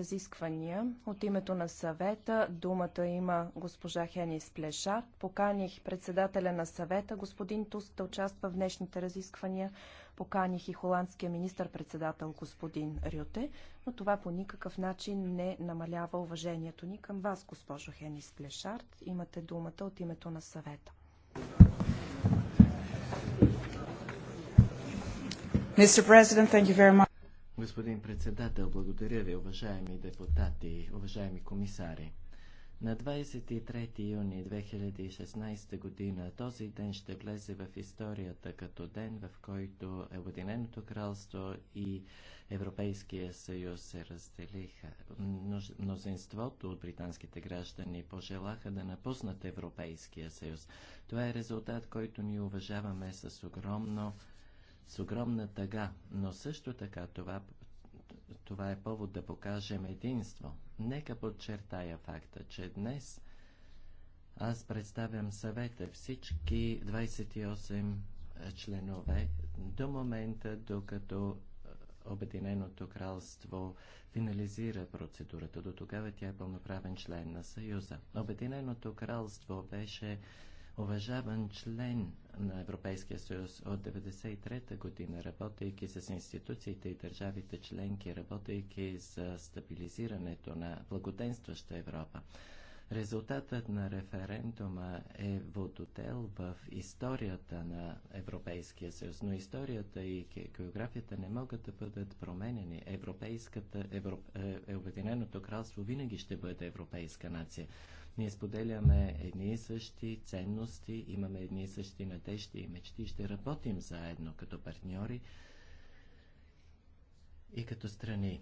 разисквания. От името на съвета думата има госпожа Хенис Плешар. Поканих председателя на съвета, господин Туск, да участва в днешните разисквания. Поканих и холандския министр-председател, господин Рюте, но това по никакъв начин не намалява уважението ни към вас, госпожо Хенис Плешарт. Имате думата от името на съвета. Mr. President, thank you very much. Господин председател, благодаря ви, уважаеми депутати, уважаеми комисари. На 23 юни 2016 година този ден ще влезе в историята като ден, в който Обединеното кралство и Европейския съюз се разделиха. Мнозинството от британските граждани пожелаха да напуснат Европейския съюз. Това е резултат, който ни уважаваме с огромно с огромна тъга, но също така това, това е повод да покажем единство. Нека подчертая факта, че днес аз представям съвета всички 28 е, членове до момента, докато е, Обединеното кралство финализира процедурата. До тогава тя е пълноправен член на Съюза. Обединеното кралство беше уважаван член на Европейския съюз от 1993 година, работейки с институциите и държавите членки, работейки за стабилизирането на благоденстваща Европа. Резултатът на референдума е вододел в историята на Европейския съюз, но историята и географията не могат да бъдат променени. Европейската, Европ... Е, е Обединеното кралство винаги ще бъде европейска нация. Ние споделяме едни и същи ценности, имаме едни и същи надежди и мечти, ще работим заедно като партньори и като страни.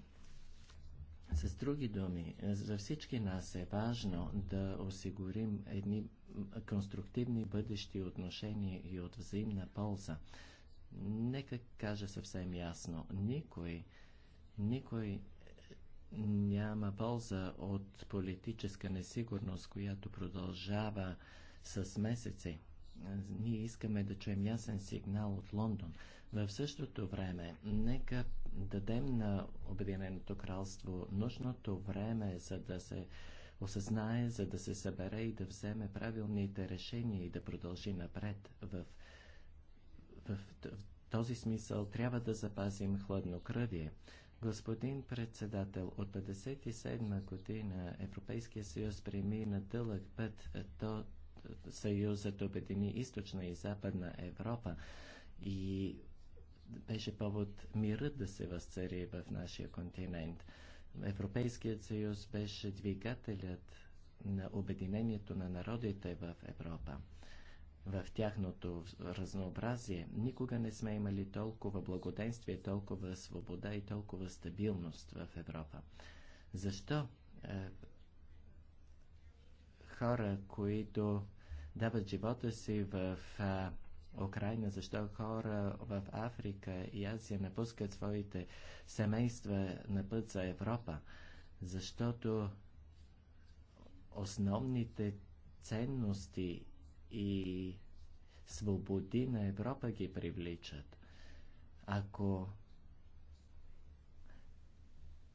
С други думи, за всички нас е важно да осигурим едни конструктивни бъдещи отношения и от взаимна полза. Нека кажа съвсем ясно, никой, никой няма полза от политическа несигурност, която продължава с месеци. Ние искаме да чуем ясен сигнал от Лондон. В същото време, нека дадем на Обединеното кралство нужното време, за да се осъзнае, за да се събере и да вземе правилните решения и да продължи напред. В, в, в този смисъл трябва да запазим хладнокръвие. Господин председател, от 1957 година Европейския съюз преми на дълъг път до Съюзът обедини източна и западна Европа и беше повод мирът да се възцари в нашия континент. Европейският съюз беше двигателят на обединението на народите в Европа в тяхното разнообразие. Никога не сме имали толкова благоденствие, толкова свобода и толкова стабилност в Европа. Защо е, хора, които дават живота си в а, е, Украина, защо хора в Африка и Азия напускат своите семейства на път за Европа? Защото основните ценности и свободи на Европа ги привличат. Ако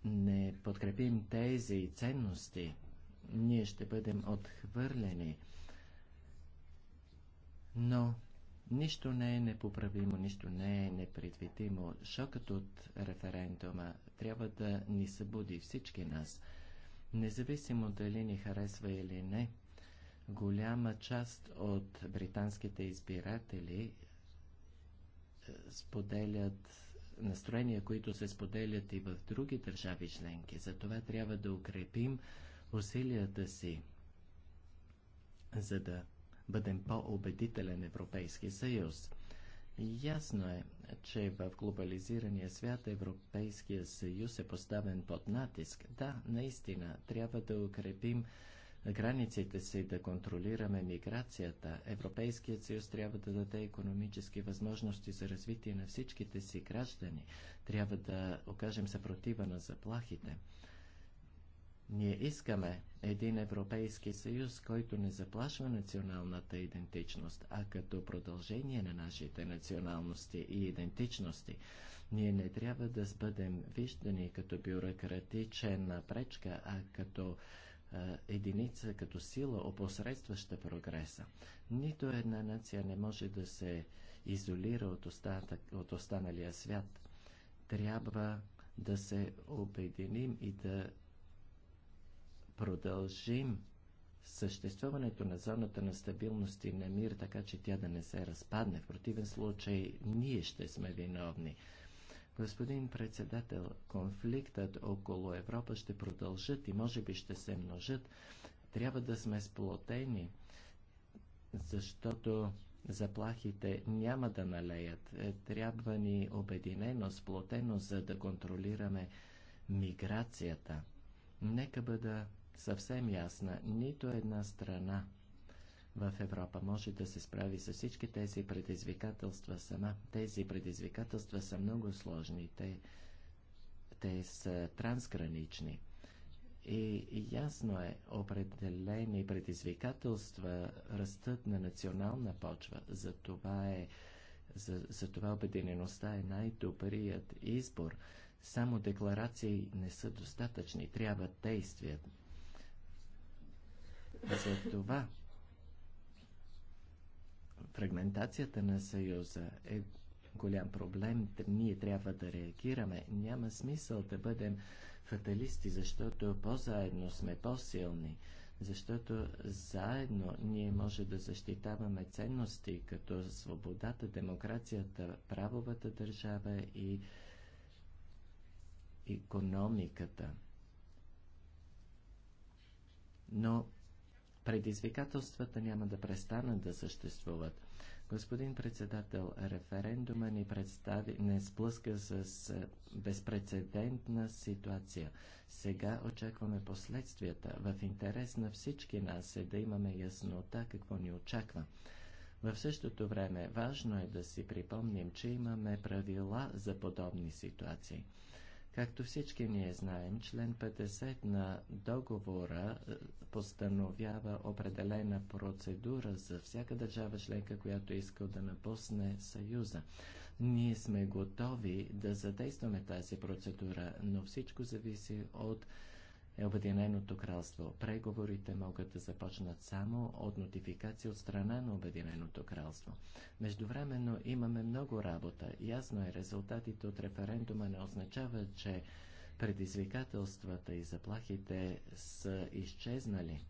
не подкрепим тези и ценности, ние ще бъдем отхвърлени. Но нищо не е непоправимо, нищо не е непредвидимо. Шокът от референдума трябва да ни събуди всички нас, независимо дали ни харесва или не – Голяма част от британските избиратели е, споделят настроения, които се споделят и в други държави членки. Затова трябва да укрепим усилията си, за да бъдем по-убедителен Европейски съюз. Ясно е, че в глобализирания свят Европейския съюз е поставен под натиск. Да, наистина, трябва да укрепим границите си, да контролираме миграцията. Европейският съюз трябва да даде економически възможности за развитие на всичките си граждани. Трябва да окажем съпротива на заплахите. Ние искаме един Европейски съюз, който не заплашва националната идентичност, а като продължение на нашите националности и идентичности. Ние не трябва да бъдем виждани като бюрократичен пречка, а като е, единица като сила, опосредстваща прогреса. Нито една нация не може да се изолира от, остатък, от останалия свят. Трябва да се обединим и да продължим съществуването на зоната на стабилност и на мир, така че тя да не се разпадне. В противен случай ние ще сме виновни. Господин председател, конфликтът около Европа ще продължат и може би ще се множат. Трябва да сме сплотени, защото заплахите няма да налеят. Е, трябва ни обединено, сплотено, за да контролираме миграцията. Нека бъда съвсем ясна, нито една страна в Европа може да се справи с всички тези предизвикателства сама. Тези предизвикателства са много сложни. Те, те са трансгранични. И, и ясно е, определени предизвикателства растат на национална почва. За това, е, за, за това обединеността е най-добрият избор. Само декларации не са достатъчни, трябва действия. За това Фрагментацията на Съюза е голям проблем. Ние трябва да реагираме. Няма смисъл да бъдем фаталисти, защото по-заедно сме по-силни. Защото заедно ние може да защитаваме ценности като свободата, демокрацията, правовата държава и економиката. Но Предизвикателствата няма да престанат да съществуват. Господин председател, референдума ни представи, не сблъска с безпредседентна ситуация. Сега очакваме последствията. В интерес на всички нас е да имаме яснота какво ни очаква. В същото време важно е да си припомним, че имаме правила за подобни ситуации. Както всички ние знаем, член 50 на договора постановява определена процедура за всяка държава членка, която е иска да напусне Съюза. Ние сме готови да задействаме тази процедура, но всичко зависи от Обединеното кралство. Преговорите могат да започнат само от нотификация от страна на Обединеното кралство. Междувременно имаме много работа. Ясно е, резултатите от референдума не означават, че Предизвикателствата и заплахите са изчезнали.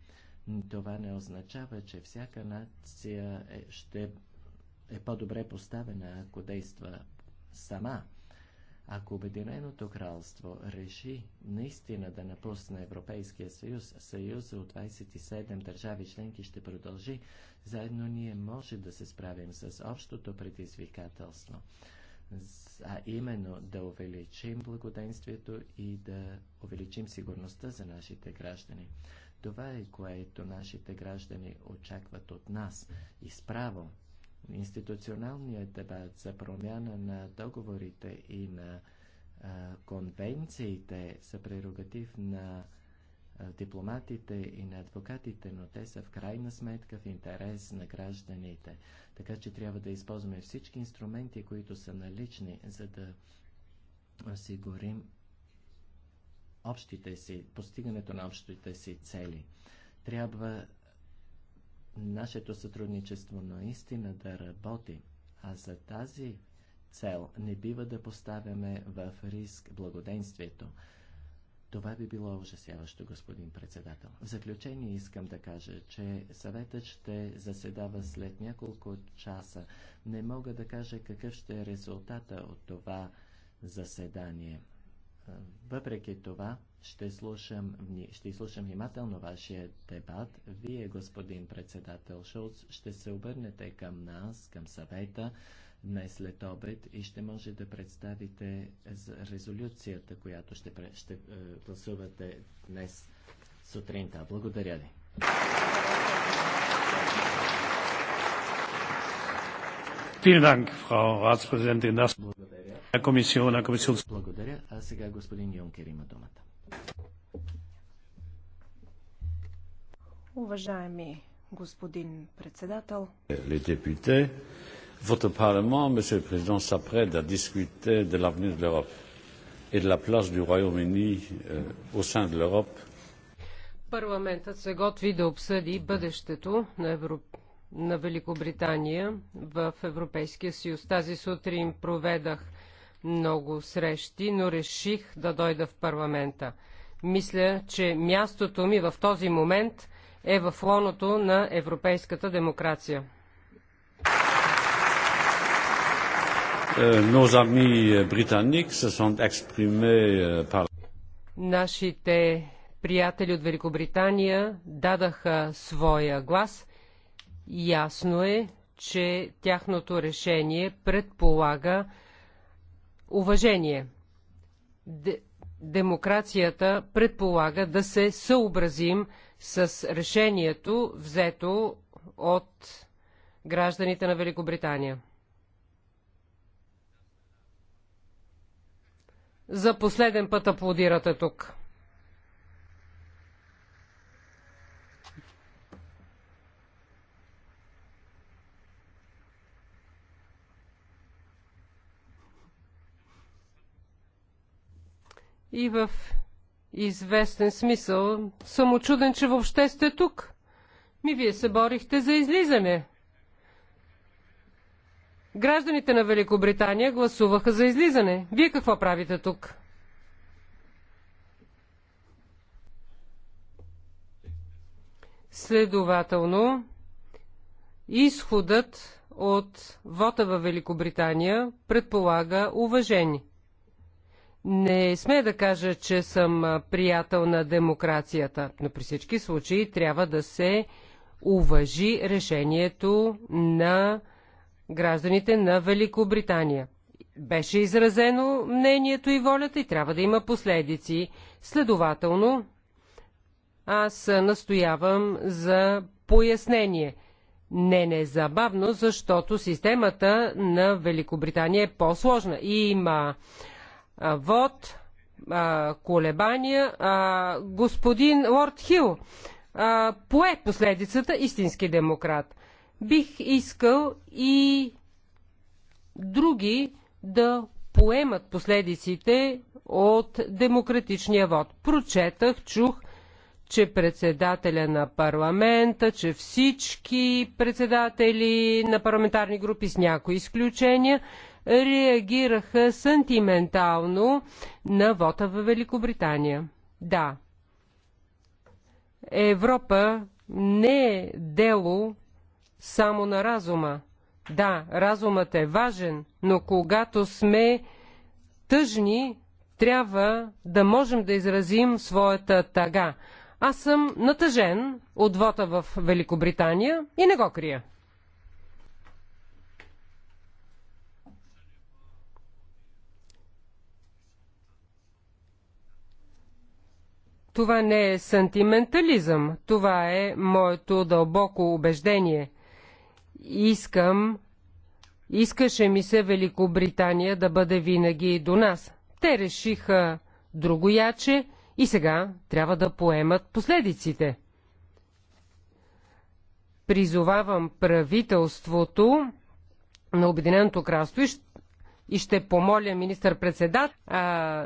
Това не означава, че всяка нация е, ще е по-добре поставена, ако действа сама. Ако Обединеното кралство реши наистина да напусне Европейския съюз, съюза от 27 държави членки ще продължи, заедно ние може да се справим с общото предизвикателство а именно да увеличим благоденствието и да увеличим сигурността за нашите граждани. Това е което нашите граждани очакват от нас. И справо, институционалният дебат за промяна на договорите и на а, конвенциите са прерогатив на е, дипломатите и на адвокатите, но те са в крайна сметка в интерес на гражданите. Така че трябва да използваме всички инструменти, които са налични, за да осигурим общите си, постигането на общите си цели. Трябва нашето сътрудничество наистина да работи, а за тази цел не бива да поставяме в риск благоденствието. Това би било ужасяващо, господин председател. В заключение искам да кажа, че съветът ще заседава след няколко часа. Не мога да кажа какъв ще е резултата от това заседание. Въпреки това, ще слушам, ще слушам внимателно вашия дебат. Вие, господин председател Шулц, ще се обърнете към нас, към съвета днес след обед и ще може да представите резолюцията, която ще, ще е, гласувате днес сутринта. Благодаря ви. Благодаря. А сега господин Юнкер има думата. Уважаеми господин председател, Votre Parlement, Monsieur le Président, s'apprête à discuter de l'avenir de l'Europe et de la place du Royaume-Uni euh, au sein de l'Europe. Парламентът се готви да обсъди бъдещето на, Евро... на Великобритания в Европейския съюз. Тази сутрин проведах много срещи, но реших да дойда в парламента. Мисля, че мястото ми в този момент е в лоното на европейската демокрация. Euh, nos amis euh, se sont euh, par... Нашите приятели от Великобритания дадаха своя глас. Ясно е, че тяхното решение предполага уважение. Д- демокрацията предполага да се съобразим с решението, взето от гражданите на Великобритания. За последен път аплодирате тук. И в известен смисъл съм очуден, че въобще сте тук. Ми вие се борихте за излизане. Гражданите на Великобритания гласуваха за излизане. Вие какво правите тук? Следователно, изходът от вота във Великобритания предполага уважение. Не сме да кажа, че съм приятел на демокрацията, но при всички случаи трябва да се уважи решението на гражданите на Великобритания. Беше изразено мнението и волята и трябва да има последици. Следователно, аз настоявам за пояснение. Не незабавно, защото системата на Великобритания е по-сложна. Има а, вод, а, колебания. А, господин Лорд Хил а, пое последицата истински демократ. Бих искал и други да поемат последиците от демократичния вод. Прочетах, чух, че председателя на парламента, че всички председатели на парламентарни групи с някои изключения реагираха сантиментално на вота в Великобритания. Да, Европа не е дело само на разума. Да, разумът е важен, но когато сме тъжни, трябва да можем да изразим своята тъга. Аз съм натъжен от вота в Великобритания и не го крия. Това не е сантиментализъм, това е моето дълбоко убеждение искам, искаше ми се Великобритания да бъде винаги до нас. Те решиха друго яче, и сега трябва да поемат последиците. Призовавам правителството на Обединеното кралство и ще и ще помоля министър-председател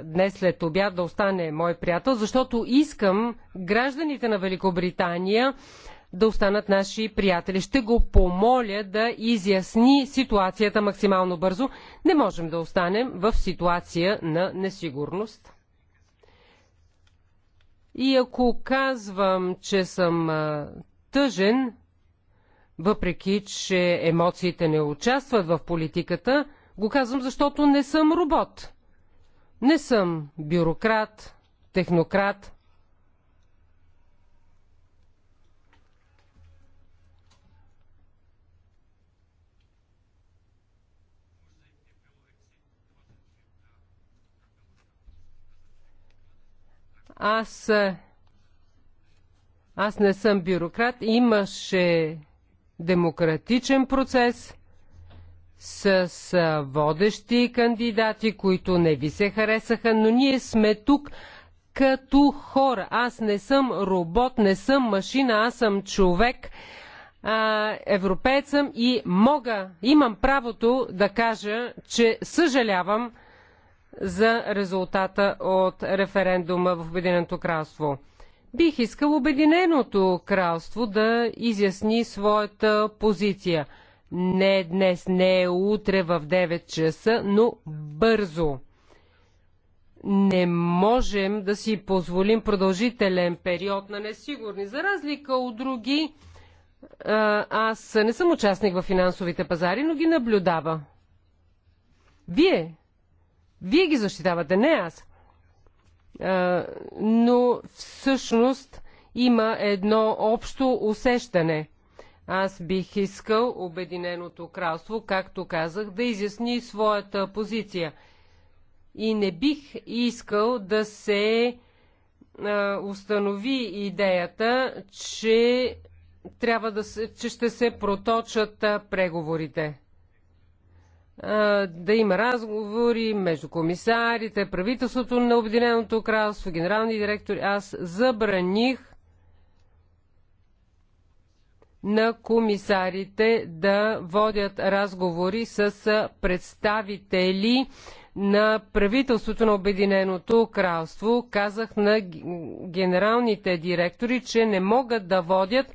днес след обяд да остане мой приятел, защото искам гражданите на Великобритания да останат наши приятели. Ще го помоля да изясни ситуацията максимално бързо. Не можем да останем в ситуация на несигурност. И ако казвам, че съм тъжен, въпреки че емоциите не участват в политиката, го казвам, защото не съм робот. Не съм бюрократ, технократ, Аз, е, аз не съм бюрократ. Имаше демократичен процес с е, водещи кандидати, които не ви се харесаха, но ние сме тук като хора. Аз не съм робот, не съм машина, аз съм човек. А, европеец съм и мога, имам правото да кажа, че съжалявам, за резултата от референдума в Обединеното кралство. Бих искал Обединеното кралство да изясни своята позиция. Не днес, не е утре в 9 часа, но бързо. Не можем да си позволим продължителен период на несигурни. За разлика от други, аз не съм участник в финансовите пазари, но ги наблюдава. Вие вие ги защитавате, не аз. А, но всъщност има едно общо усещане. Аз бих искал Обединеното кралство, както казах, да изясни своята позиция. И не бих искал да се а, установи идеята, че трябва да се, че ще се проточат а, преговорите да има разговори между комисарите, правителството на Обединеното кралство, генерални директори. Аз забраних на комисарите да водят разговори с представители на правителството на Обединеното кралство. Казах на генералните директори, че не могат да водят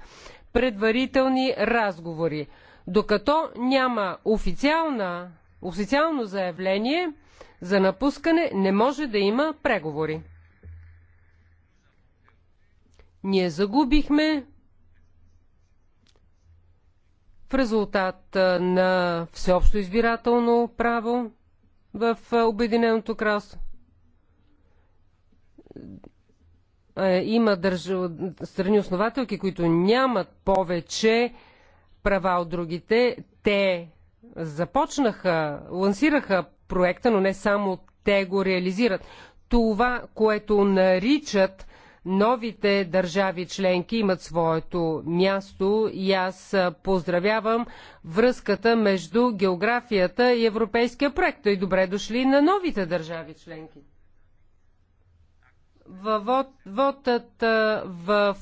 предварителни разговори. Докато няма официална, официално заявление за напускане, не може да има преговори. Ние загубихме в резултат на всеобщо избирателно право в Обединеното кралство. Има държ... страни основателки, които нямат повече права от другите. Те започнаха, лансираха проекта, но не само те го реализират. Това, което наричат новите държави членки имат своето място и аз поздравявам връзката между географията и европейския проект. И добре дошли на новите държави членки. Въвод, водът в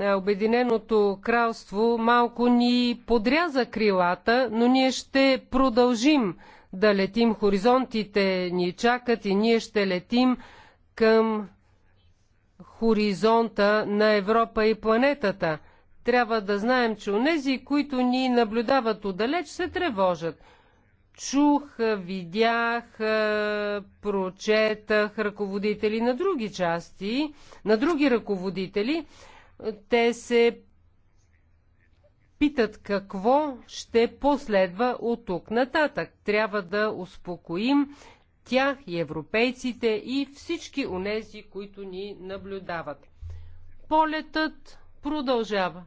е, Обединеното кралство малко ни подряза крилата, но ние ще продължим да летим. Хоризонтите ни чакат и ние ще летим към хоризонта на Европа и планетата. Трябва да знаем, че онези, които ни наблюдават отдалеч, се тревожат. Чух, видях, е, прочетах ръководители на други части, на други ръководители, те се питат какво ще последва от тук нататък. Трябва да успокоим тях и европейците и всички онези, които ни наблюдават. Полетът продължава.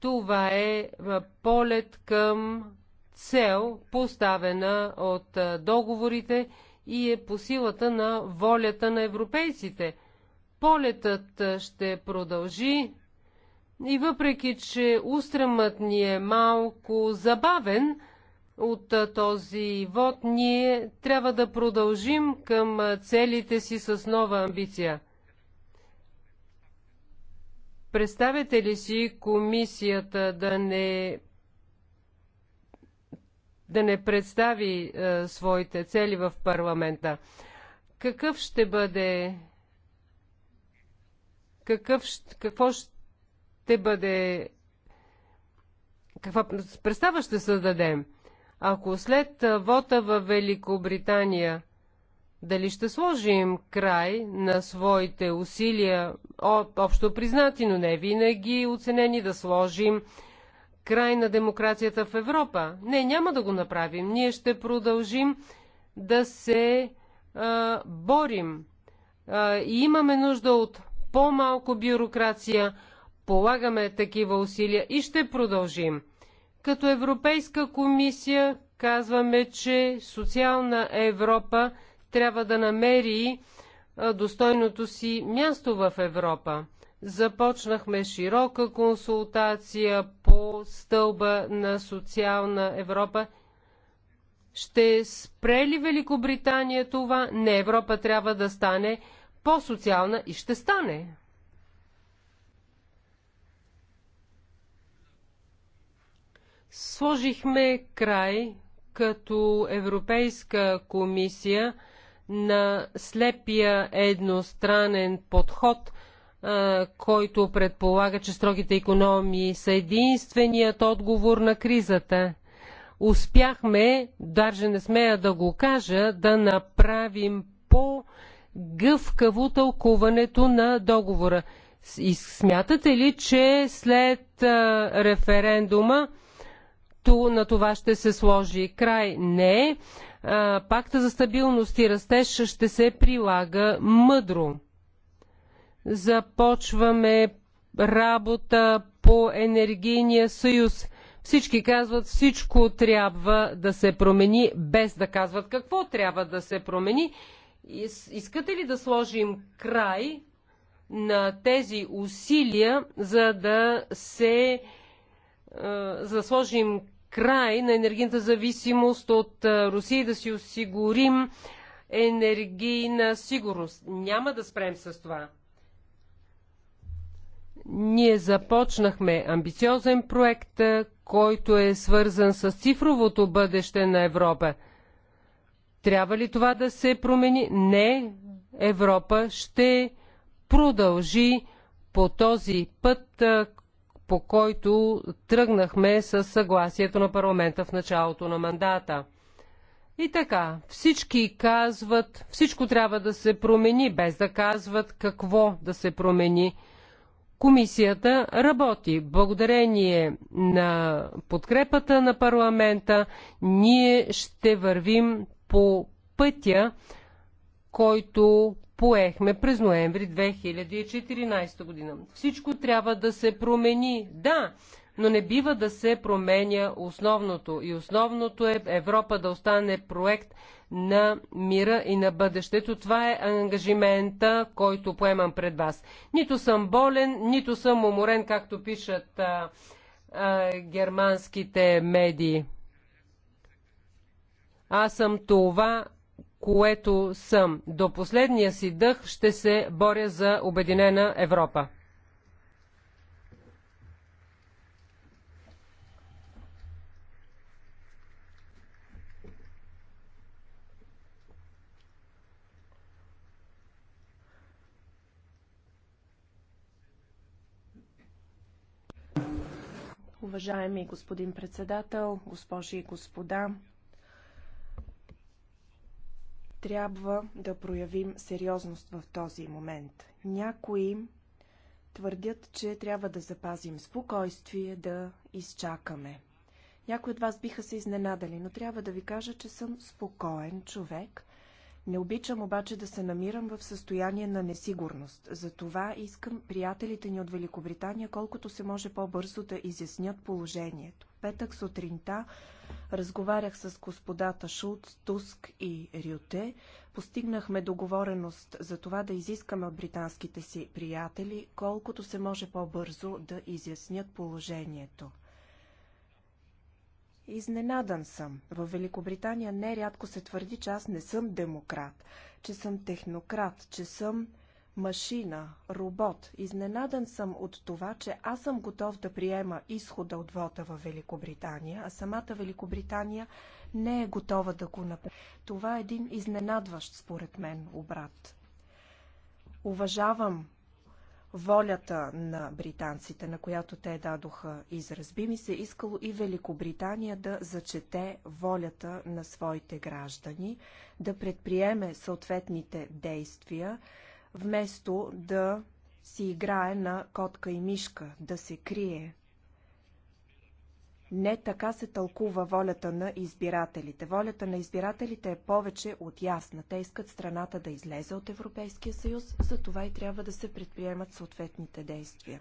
Това е полет към цел, поставена от договорите и е по силата на волята на европейците – Полетът ще продължи и въпреки, че устремът ни е малко забавен от този вод, ние трябва да продължим към целите си с нова амбиция. Представете ли си комисията да не да не представи е, своите цели в парламента? Какъв ще бъде какъв, какво ще бъде, каква представа ще създадем. Ако след вота в Великобритания дали ще сложим край на своите усилия, общо признати, но не винаги оценени, да сложим край на демокрацията в Европа? Не, няма да го направим. Ние ще продължим да се а, борим. А, и имаме нужда от по-малко бюрокрация. Полагаме такива усилия и ще продължим. Като Европейска комисия казваме, че социална Европа трябва да намери достойното си място в Европа. Започнахме широка консултация по стълба на социална Европа. Ще спре ли Великобритания това? Не, Европа трябва да стане по-социална и ще стане. Сложихме край като Европейска комисия на слепия едностранен подход, който предполага, че строгите економии са единственият отговор на кризата. Успяхме, даже не смея да го кажа, да направим по- гъвкаво тълкуването на договора. И смятате ли, че след а, референдума то, на това ще се сложи край? Не. А, пакта за стабилност и растеж ще се прилага мъдро. Започваме работа по енергийния съюз. Всички казват, всичко трябва да се промени, без да казват какво трябва да се промени. Искате ли да сложим край на тези усилия, за да се за да сложим край на енергийната зависимост от Русия и да си осигурим енергийна сигурност. Няма да спрем с това. Ние започнахме амбициозен проект, който е свързан с цифровото бъдеще на Европа. Трябва ли това да се промени? Не. Европа ще продължи по този път, по който тръгнахме с съгласието на парламента в началото на мандата. И така, всички казват, всичко трябва да се промени, без да казват какво да се промени. Комисията работи. Благодарение на подкрепата на парламента, ние ще вървим по пътя, който поехме през ноември 2014 година. Всичко трябва да се промени, да, но не бива да се променя основното. И основното е Европа да остане проект на мира и на бъдещето. Това е ангажимента, който поемам пред вас. Нито съм болен, нито съм уморен, както пишат а, а, германските медии. Аз съм това, което съм. До последния си дъх ще се боря за Обединена Европа. Уважаеми господин председател, госпожи и господа, трябва да проявим сериозност в този момент. Някои твърдят, че трябва да запазим спокойствие, да изчакаме. Някои от вас биха се изненадали, но трябва да ви кажа, че съм спокоен човек. Не обичам обаче да се намирам в състояние на несигурност. Затова искам приятелите ни от Великобритания колкото се може по-бързо да изяснят положението. Петък сутринта разговарях с господата Шулц, Туск и Рюте. Постигнахме договореност за това да изискаме от британските си приятели колкото се може по-бързо да изяснят положението. Изненадан съм. В Великобритания нерядко се твърди, че аз не съм демократ, че съм технократ, че съм машина, робот. Изненадан съм от това, че аз съм готов да приема изхода от вота в Великобритания, а самата Великобритания не е готова да го направи. Това е един изненадващ, според мен, обрат. Уважавам волята на британците, на която те дадоха израз. Би ми се е искало и Великобритания да зачете волята на своите граждани, да предприеме съответните действия, вместо да си играе на котка и мишка, да се крие. Не така се тълкува волята на избирателите. Волята на избирателите е повече от ясна. Те искат страната да излезе от Европейския съюз, за това и трябва да се предприемат съответните действия.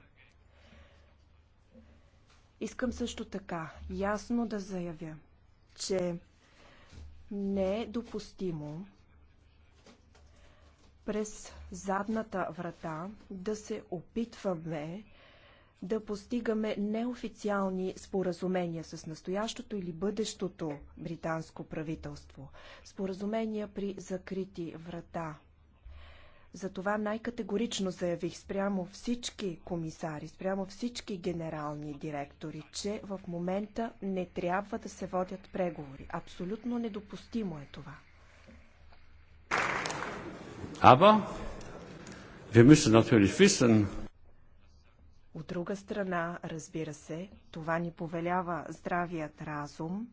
Искам също така ясно да заявя, че не е допустимо през задната врата да се опитваме да постигаме неофициални споразумения с настоящото или бъдещото британско правителство. Споразумения при закрити врата. Затова най-категорично заявих спрямо всички комисари, спрямо всички генерални директори, че в момента не трябва да се водят преговори. Абсолютно недопустимо е това. Aber wir müssen natürlich wissen, от друга страна, разбира се, това ни повелява здравият разум.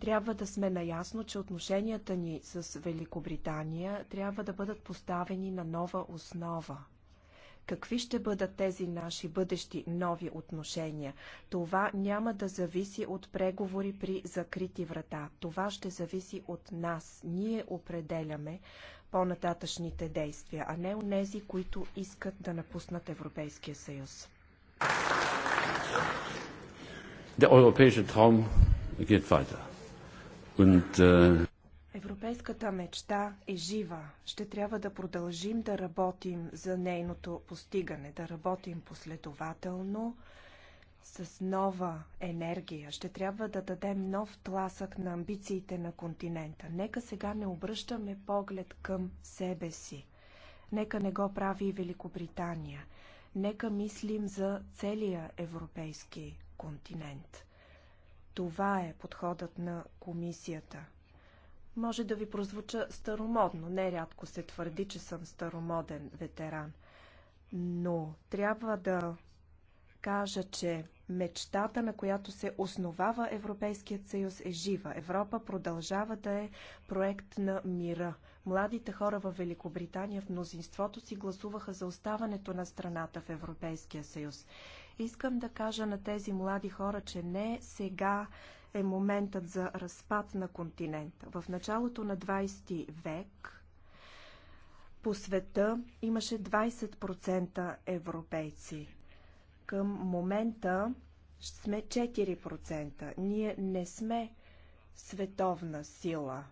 Трябва да сме наясно, че отношенията ни с Великобритания трябва да бъдат поставени на нова основа. Какви ще бъдат тези наши бъдещи нови отношения? Това няма да зависи от преговори при закрити врата. Това ще зависи от нас. Ние определяме по-нататъчните действия, а не онези, които искат да напуснат Европейския съюз. Äh, Европейската мечта е жива. Ще трябва да продължим да работим за нейното постигане, да работим последователно, с нова енергия. Ще трябва да дадем нов тласък на амбициите на континента. Нека сега не обръщаме поглед към себе си. Нека не го прави и Великобритания. Нека мислим за целия европейски континент. Това е подходът на комисията. Може да ви прозвуча старомодно. Нерядко се твърди, че съм старомоден ветеран. Но трябва да кажа, че мечтата, на която се основава Европейският съюз, е жива. Европа продължава да е проект на мира. Младите хора в Великобритания в мнозинството си гласуваха за оставането на страната в Европейския съюз. Искам да кажа на тези млади хора, че не сега е моментът за разпад на континента. В началото на 20 век по света имаше 20% европейци. Към момента сме 4%. Ние не сме световна сила.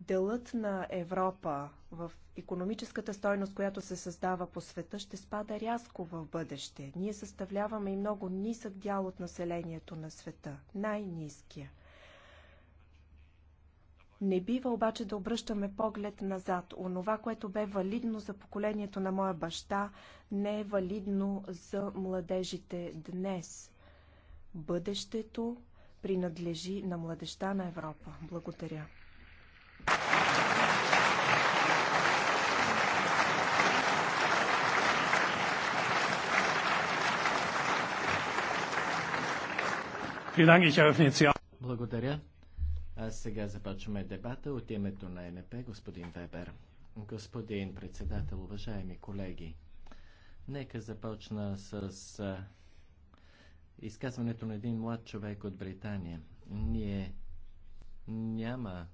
Делът на Европа в економическата стойност, която се създава по света, ще спада рязко в бъдеще. Ние съставляваме и много нисък дял от населението на света. Най-низкия – не бива обаче да обръщаме поглед назад. Онова, което бе валидно за поколението на моя баща, не е валидно за младежите днес. Бъдещето принадлежи на младеща на Европа. Благодаря. Благодаря. А сега започваме дебата от името на НП, господин Вебер. Господин председател, уважаеми колеги, нека започна с изказването на един млад човек от Британия. Ние няма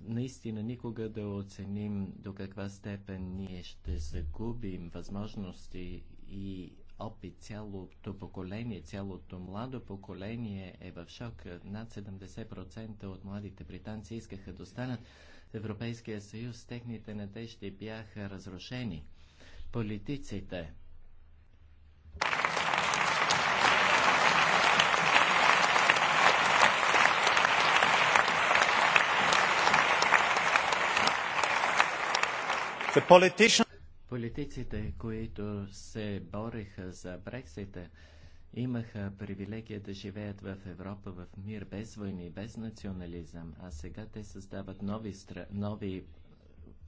наистина никога да оценим до каква степен ние ще загубим възможности и опит. Цялото поколение, цялото младо поколение е в шок. Над 70% от младите британци искаха да останат в Европейския съюз. Техните надежди бяха разрушени. Политиците, The politician... Политиците, които се бореха за Брексита, имаха привилегия да живеят в Европа в мир, без войни, без национализъм, а сега те създават нови, стра... нови е,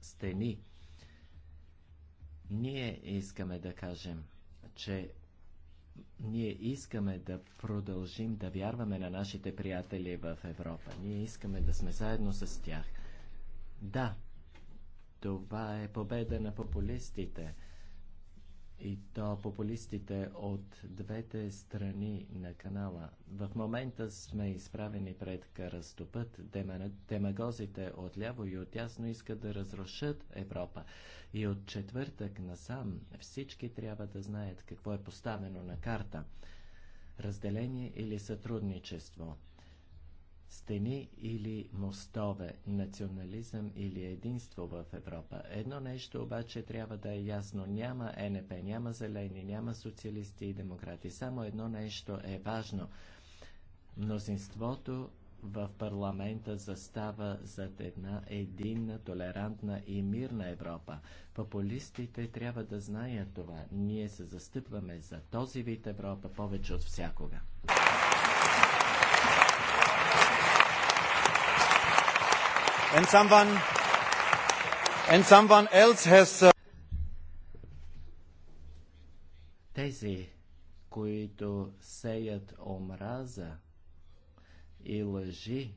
стени. Ние искаме да кажем, че ние искаме да продължим да вярваме на нашите приятели в Европа. Ние искаме да сме заедно с тях. Да, това е победа на популистите. И то популистите от двете страни на канала. В момента сме изправени пред кръстопът. Демагозите от ляво и от ясно искат да разрушат Европа. И от четвъртък насам всички трябва да знаят какво е поставено на карта. Разделение или сътрудничество – стени или мостове, национализъм или единство в Европа. Едно нещо обаче трябва да е ясно. Няма НП, няма зелени, няма социалисти и демократи. Само едно нещо е важно. Мнозинството в парламента застава зад една единна, толерантна и мирна Европа. Популистите трябва да знаят това. Ние се застъпваме за този вид Европа повече от всякога. And someone, and someone else has... Uh, тези, които сеят омраза и лъжи,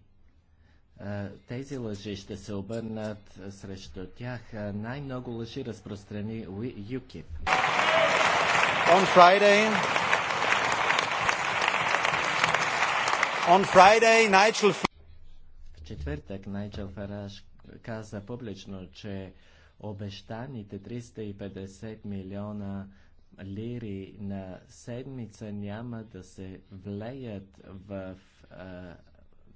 тези лъжи ще се обърнат срещу тях. Най-много лъжи разпространи ЮКИП. On Friday, on Friday, Nigel четвъртък Найджел Фараш каза публично, че обещаните 350 милиона лири на седмица няма да се влеят в а,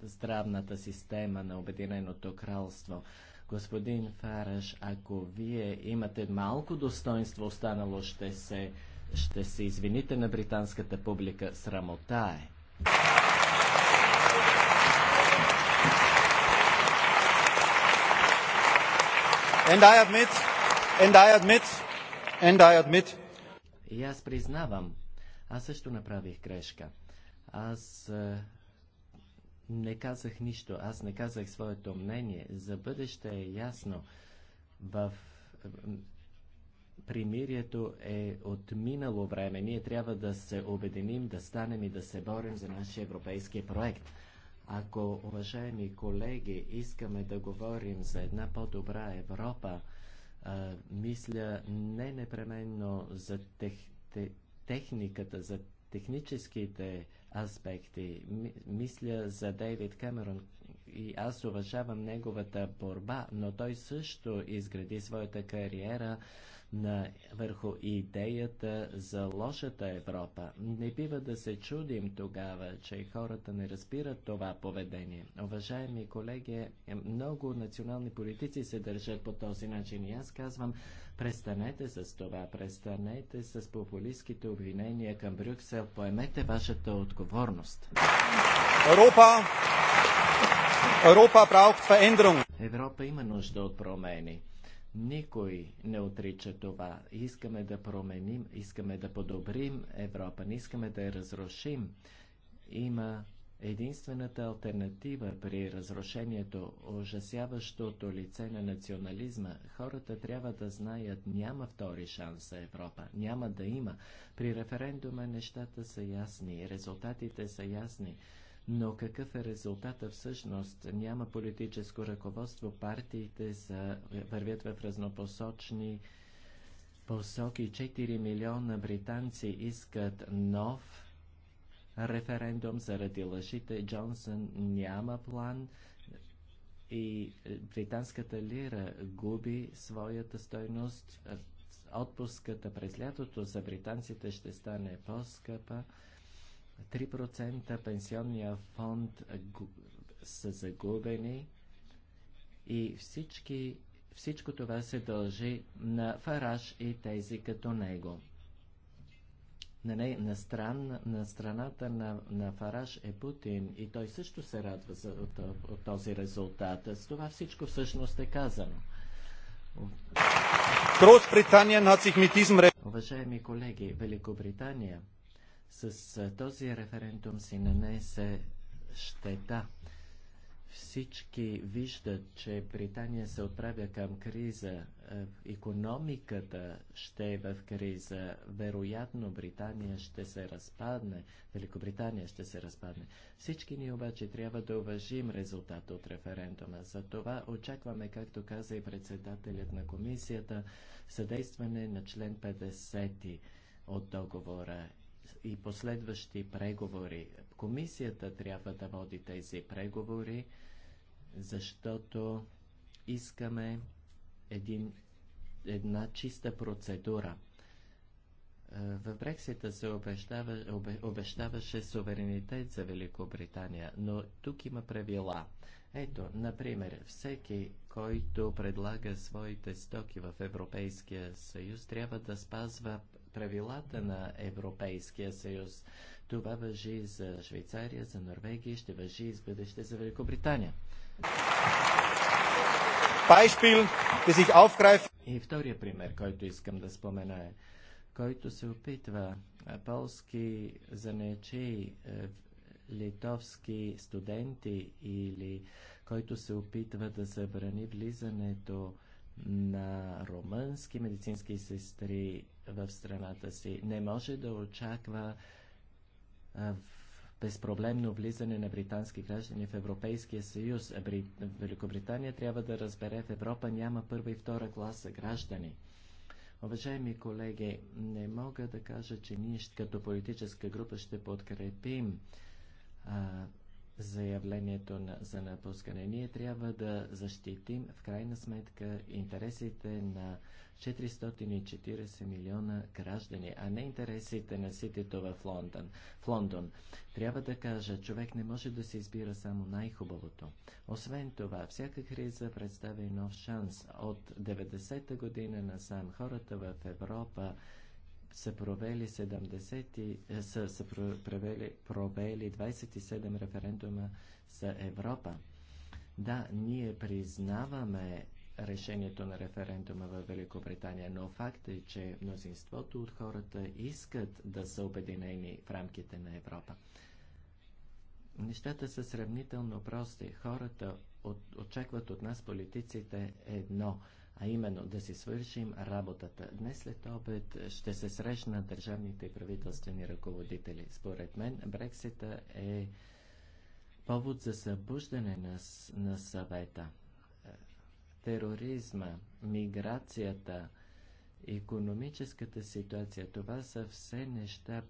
здравната система на Обединеното кралство. Господин Фараш, ако вие имате малко достоинство останало, ще се, ще се извините на британската публика. Срамота е. And I admit, and I admit, and I admit. И аз признавам, аз също направих грешка. Аз е, не казах нищо, аз не казах своето мнение. За бъдеще е ясно. В примирието е от минало време. Ние трябва да се обединим, да станем и да се борим за нашия европейски проект. Ако, уважаеми колеги, искаме да говорим за една по-добра Европа, а, мисля не непременно за тех, те, техниката, за техническите аспекти. Мисля за Дейвид Камерон и аз уважавам неговата борба, но той също изгради своята кариера на, върху идеята за лошата Европа. Не бива да се чудим тогава, че хората не разбират това поведение. Уважаеми колеги, е, много национални политици се държат по този начин и аз казвам, престанете с това, престанете с популистските обвинения към Брюксел, поемете вашата отговорност. Европа! Европа Европа има нужда от промени. Никой не отрича това. Искаме да променим, искаме да подобрим Европа, не искаме да я разрушим. Има единствената альтернатива при разрушението, ужасяващото лице на национализма. Хората трябва да знаят, няма втори шанс за Европа, няма да има. При референдума нещата са ясни, резултатите са ясни но какъв е резултата всъщност? Няма политическо ръководство, партиите са, вървят в разнопосочни посоки. 4 милиона британци искат нов референдум заради лъжите. Джонсън няма план и британската лира губи своята стойност. Отпуската през лятото за британците ще стане по-скъпа. 3% пенсионния фонд са загубени и всички, всичко това се дължи на Фараш и тези като него. На, не, на, стран, на страната на, на Фараш е Путин и той също се радва за, от, от този резултат. С това всичко всъщност е казано. Уважаеми колеги, Великобритания с този референдум си нанесе щета. Всички виждат, че Британия се отправя към криза. Економиката ще е в криза. Вероятно Британия ще се разпадне. Великобритания ще се разпадне. Всички ние обаче трябва да уважим резултата от референдума. За това очакваме, както каза и председателят на комисията, съдействане на член 50 от договора и последващи преговори. Комисията трябва да води тези преговори, защото искаме един, една чиста процедура. Е, в Брексита се обещава, обе, обещаваше суверенитет за Великобритания, но тук има правила. Ето, например, всеки, който предлага своите стоки в Европейския съюз, трябва да спазва правилата на Европейския съюз. Това въжи за Швейцария, за Норвегия, ще въжи и с бъдеще за Великобритания. И втория пример, който искам да спомена е, който се опитва полски занечи, е, литовски студенти или който се опитва да забрани влизането на румънски медицински сестри в страната си. Не може да очаква безпроблемно влизане на британски граждани в Европейския съюз. Великобритания трябва да разбере, в Европа няма първа и втора класа граждани. Уважаеми колеги, не мога да кажа, че ние като политическа група ще подкрепим заявлението на, за напускане. Ние трябва да защитим в крайна сметка интересите на 440 милиона граждани, а не интересите на ситито в Лондон. В Лондон. Трябва да кажа, човек не може да се избира само най-хубавото. Освен това, всяка криза представя нов шанс. От 90-та година насам хората в Европа са провели, 70, е, са, са провели, провели 27 референдума за Европа. Да, ние признаваме решението на референдума в Великобритания, но факт е, че мнозинството от хората искат да са обединени в рамките на Европа. Нещата са сравнително прости. Хората от, очакват от нас, политиците, едно – а именно да си свършим работата. Днес след обед ще се срещнат държавните и правителствени ръководители. Според мен Брексита е повод за събуждане на, на съвета. Тероризма, миграцията, економическата ситуация. Това са все неща,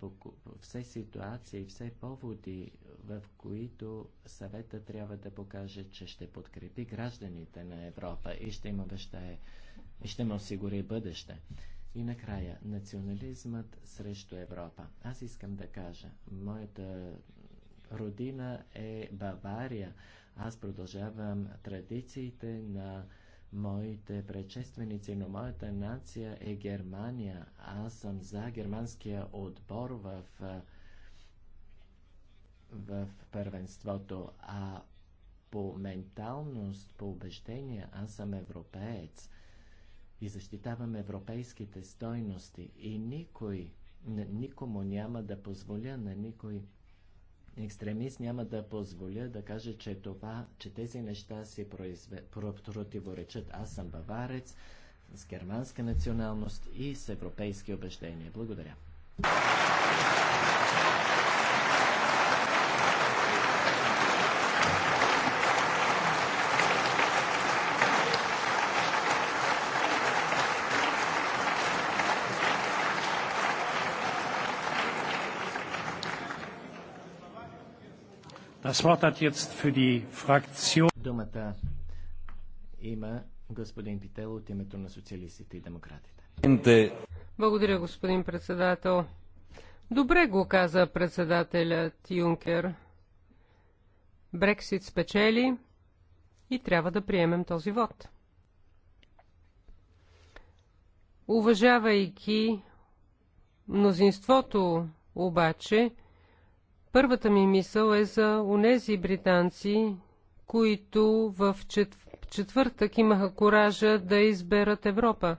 все ситуации, все поводи, в които съвета трябва да покаже, че ще подкрепи гражданите на Европа и ще им обещае, и ще му осигури бъдеще. И накрая, национализмът срещу Европа. Аз искам да кажа, моята родина е Бавария. Аз продължавам традициите на моите предшественици, но моята нация е Германия. Аз съм за германския отбор в, в първенството, а по менталност, по убеждение аз съм европеец и защитавам европейските стойности и никой, никому няма да позволя на никой екстремист няма да позволя да каже, че, това, че тези неща си произве, противоречат. Аз съм баварец с германска националност и с европейски убеждения. Благодаря. Думата има господин Пител от името на социалистите и демократите. Благодаря, господин председател. Добре го каза председателят Юнкер. Брексит спечели и трябва да приемем този вод. Уважавайки мнозинството обаче, Първата ми мисъл е за унези британци, които в четвъртък имаха коража да изберат Европа.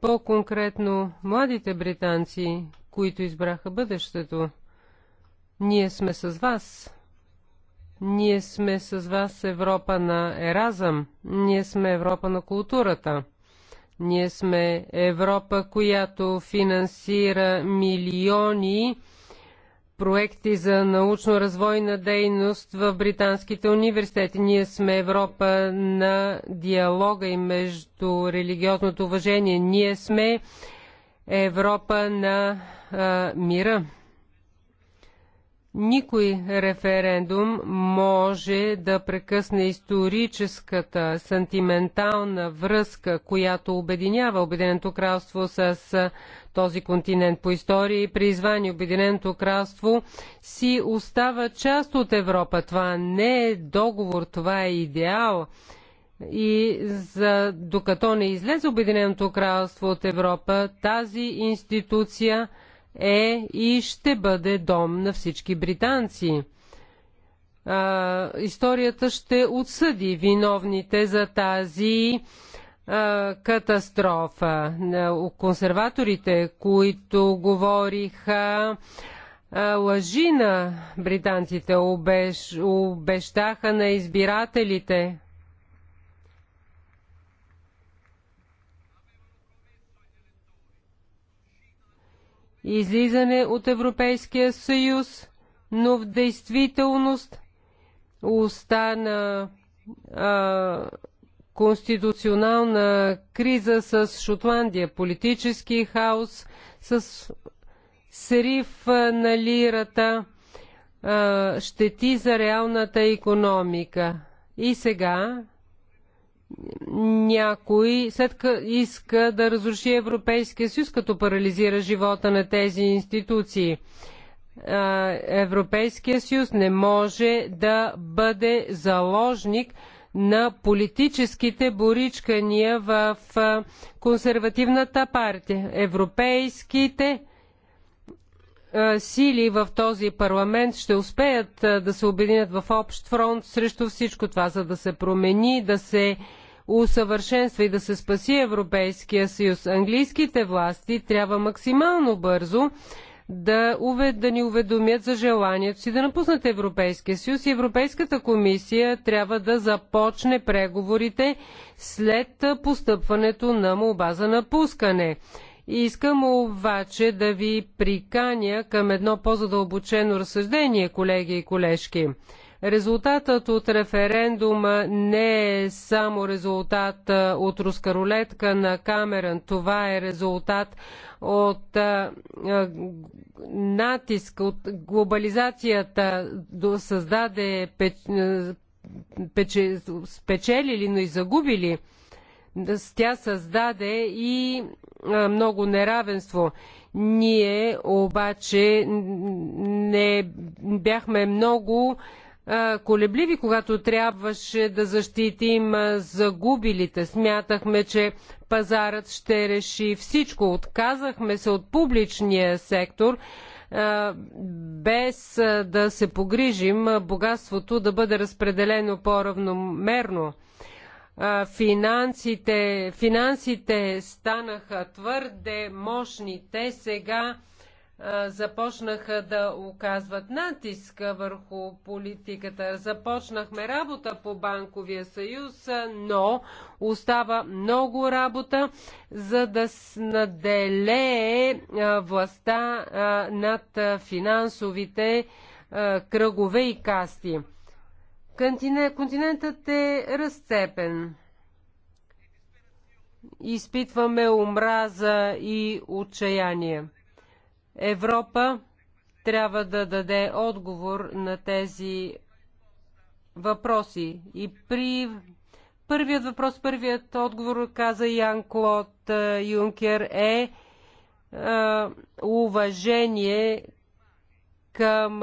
По-конкретно, младите британци, които избраха бъдещето. Ние сме с вас. Ние сме с вас Европа на еразъм. Ние сме Европа на културата. Ние сме Европа, която финансира милиони проекти за научно-развойна дейност в британските университети. Ние сме Европа на диалога и между религиозното уважение. Ние сме Европа на а, мира. Никой референдум може да прекъсне историческата, сантиментална връзка, която обединява Обединеното кралство с този континент по история и призвани Обединеното кралство си остава част от Европа. Това не е договор, това е идеал. И за, докато не излезе Обединеното кралство от Европа, тази институция – е и ще бъде дом на всички британци. А, историята ще отсъди виновните за тази а, катастрофа. Консерваторите, които говориха лъжи на британците, обещаха на избирателите, излизане от Европейския съюз, но в действителност остана а, конституционална криза с Шотландия, политически хаос, с срив на лирата, а, щети за реалната економика. И сега някой след като иска да разруши Европейския съюз, като парализира живота на тези институции. Европейския съюз не може да бъде заложник на политическите боричкания в консервативната партия. Европейските сили в този парламент ще успеят да се обединят в общ фронт срещу всичко това, за да се промени, да се усъвършенства и да се спаси Европейския съюз. Английските власти трябва максимално бързо да, увед, да ни уведомят за желанието си да напуснат Европейския съюз и Европейската комисия трябва да започне преговорите след постъпването на молба за напускане. Искам обаче да ви приканя към едно по-задълбочено разсъждение, колеги и колежки. Резултатът от референдума не е само резултат от руска рулетка на Камерън. Това е резултат от натиск, от глобализацията създаде спечелили, но и загубили. Тя създаде и много неравенство. Ние обаче не бяхме много колебливи, когато трябваше да защитим загубилите. Смятахме, че пазарът ще реши всичко. Отказахме се от публичния сектор, без да се погрижим богатството да бъде разпределено по-равномерно. Финансите, финансите станаха твърде мощни. Те сега започнаха да оказват натиск върху политиката. Започнахме работа по Банковия съюз, но остава много работа, за да наделее властта над финансовите кръгове и касти. Континентът е разцепен. Изпитваме омраза и отчаяние Европа трябва да даде отговор на тези въпроси. И при първият въпрос, първият отговор, каза Ян Клод Юнкер, е уважение към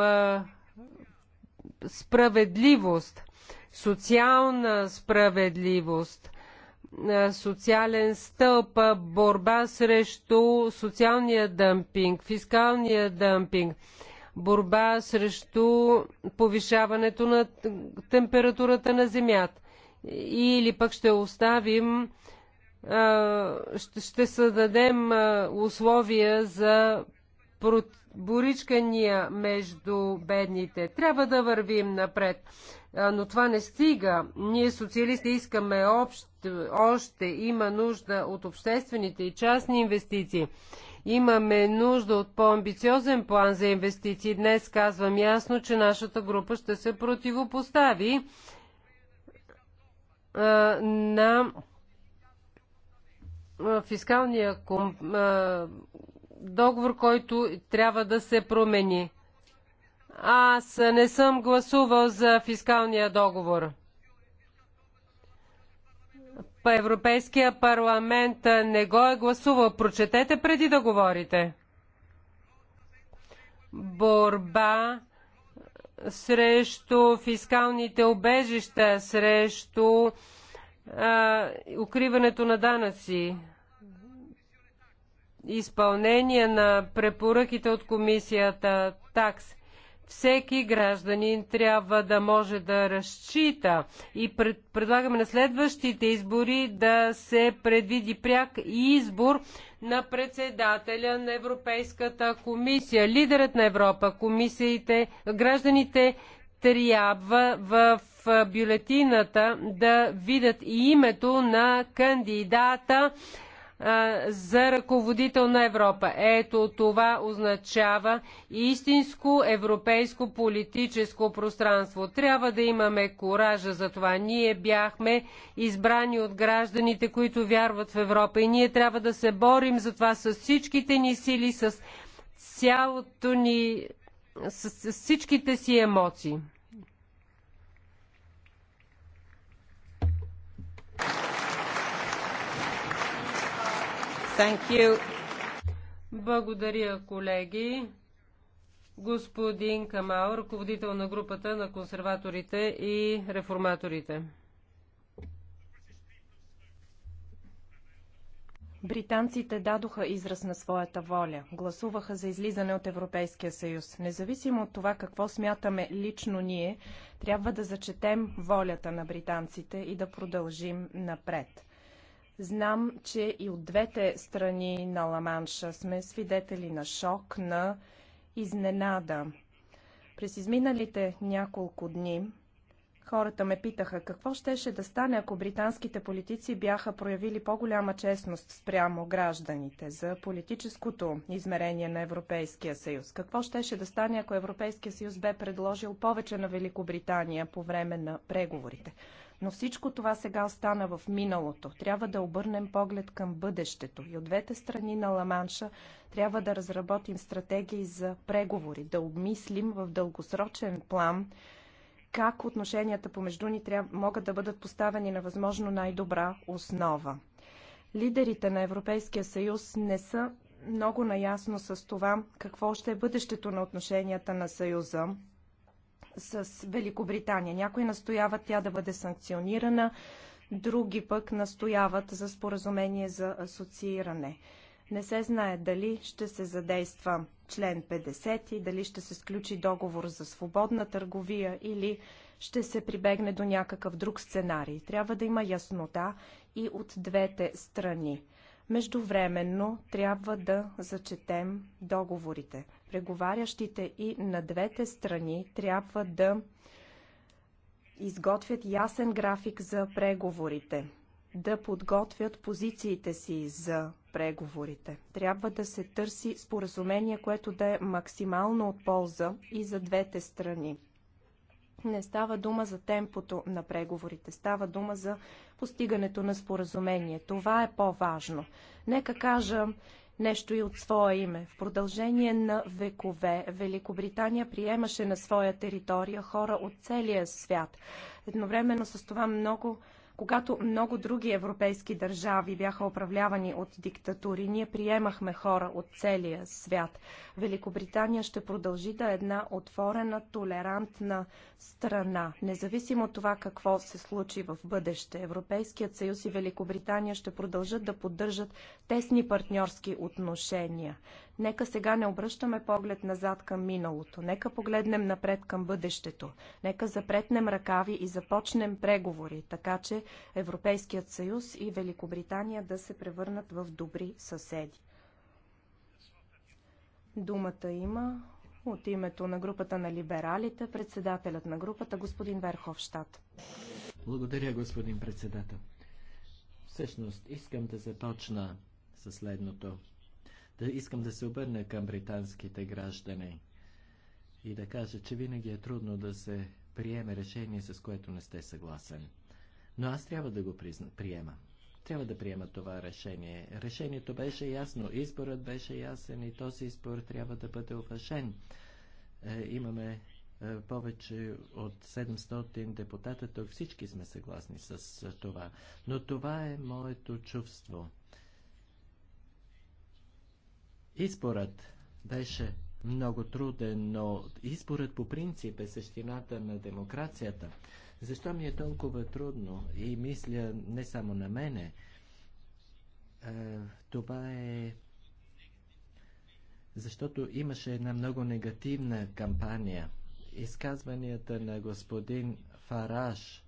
справедливост, социална справедливост социален стълб, борба срещу социалния дъмпинг, фискалния дъмпинг, борба срещу повишаването на температурата на земята. Или пък ще оставим, ще създадем условия за боричкания между бедните. Трябва да вървим напред но това не стига. Ние социалисти искаме общ, още, има нужда от обществените и частни инвестиции. Имаме нужда от по-амбициозен план за инвестиции. Днес казвам ясно, че нашата група ще се противопостави а, на фискалния а, договор, който трябва да се промени. Аз не съм гласувал за фискалния договор. Европейския парламент не го е гласувал. Прочетете преди да говорите. Борба срещу фискалните обежища, срещу а, укриването на данъци, изпълнение на препоръките от комисията такси. Всеки гражданин трябва да може да разчита и пред, предлагаме на следващите избори да се предвиди пряк избор на председателя на Европейската комисия, лидерът на Европа, комисиите, гражданите трябва в бюлетината да видят и името на кандидата, за ръководител на Европа. Ето това означава истинско европейско политическо пространство. Трябва да имаме коража за това. Ние бяхме избрани от гражданите, които вярват в Европа и ние трябва да се борим за това с всичките ни сили, с цялото ни с, всичките си емоции. Thank you. Благодаря, колеги. Господин Камал, ръководител на групата на консерваторите и реформаторите. Британците дадоха израз на своята воля, гласуваха за излизане от Европейския съюз. Независимо от това какво смятаме лично ние, трябва да зачетем волята на британците и да продължим напред. Знам, че и от двете страни на Ламанша сме свидетели на шок, на изненада. През изминалите няколко дни хората ме питаха какво щеше да стане, ако британските политици бяха проявили по-голяма честност спрямо гражданите за политическото измерение на Европейския съюз. Какво щеше да стане, ако Европейския съюз бе предложил повече на Великобритания по време на преговорите. Но всичко това сега остана в миналото. Трябва да обърнем поглед към бъдещето. И от двете страни на Ламанша трябва да разработим стратегии за преговори, да обмислим в дългосрочен план как отношенията помежду ни трябва, могат да бъдат поставени на възможно най-добра основа. Лидерите на Европейския съюз не са много наясно с това какво ще е бъдещето на отношенията на Съюза с Великобритания. Някои настояват тя да бъде санкционирана, други пък настояват за споразумение за асоцииране. Не се знае дали ще се задейства член 50 и дали ще се сключи договор за свободна търговия или ще се прибегне до някакъв друг сценарий. Трябва да има яснота и от двете страни. Междувременно трябва да зачетем договорите. Преговарящите и на двете страни трябва да изготвят ясен график за преговорите, да подготвят позициите си за преговорите. Трябва да се търси споразумение, което да е максимално от полза и за двете страни не става дума за темпото на преговорите, става дума за постигането на споразумение. Това е по-важно. Нека кажа нещо и от своя име. В продължение на векове Великобритания приемаше на своя територия хора от целия свят. Едновременно с това много когато много други европейски държави бяха управлявани от диктатури, ние приемахме хора от целия свят. Великобритания ще продължи да е една отворена, толерантна страна. Независимо от това какво се случи в бъдеще, Европейският съюз и Великобритания ще продължат да поддържат тесни партньорски отношения. Нека сега не обръщаме поглед назад към миналото. Нека погледнем напред към бъдещето. Нека запретнем ръкави и започнем преговори, така че Европейският съюз и Великобритания да се превърнат в добри съседи. Думата има от името на групата на либералите, председателят на групата, господин Верховщад. Благодаря, господин председател. Всъщност, искам да започна със следното. Да искам да се обърна към британските граждани и да кажа, че винаги е трудно да се приеме решение, с което не сте съгласен. Но аз трябва да го призна, приема. Трябва да приема това решение. Решението беше ясно, изборът беше ясен и този избор трябва да бъде уважен. Е, имаме е, повече от 700 депутата, тук всички сме съгласни с това. Но това е моето чувство. Изборът беше много труден, но изборът по принцип е същината на демокрацията. Защо ми е толкова трудно и мисля не само на мене, е, това е защото имаше една много негативна кампания. Изказванията на господин Фараш,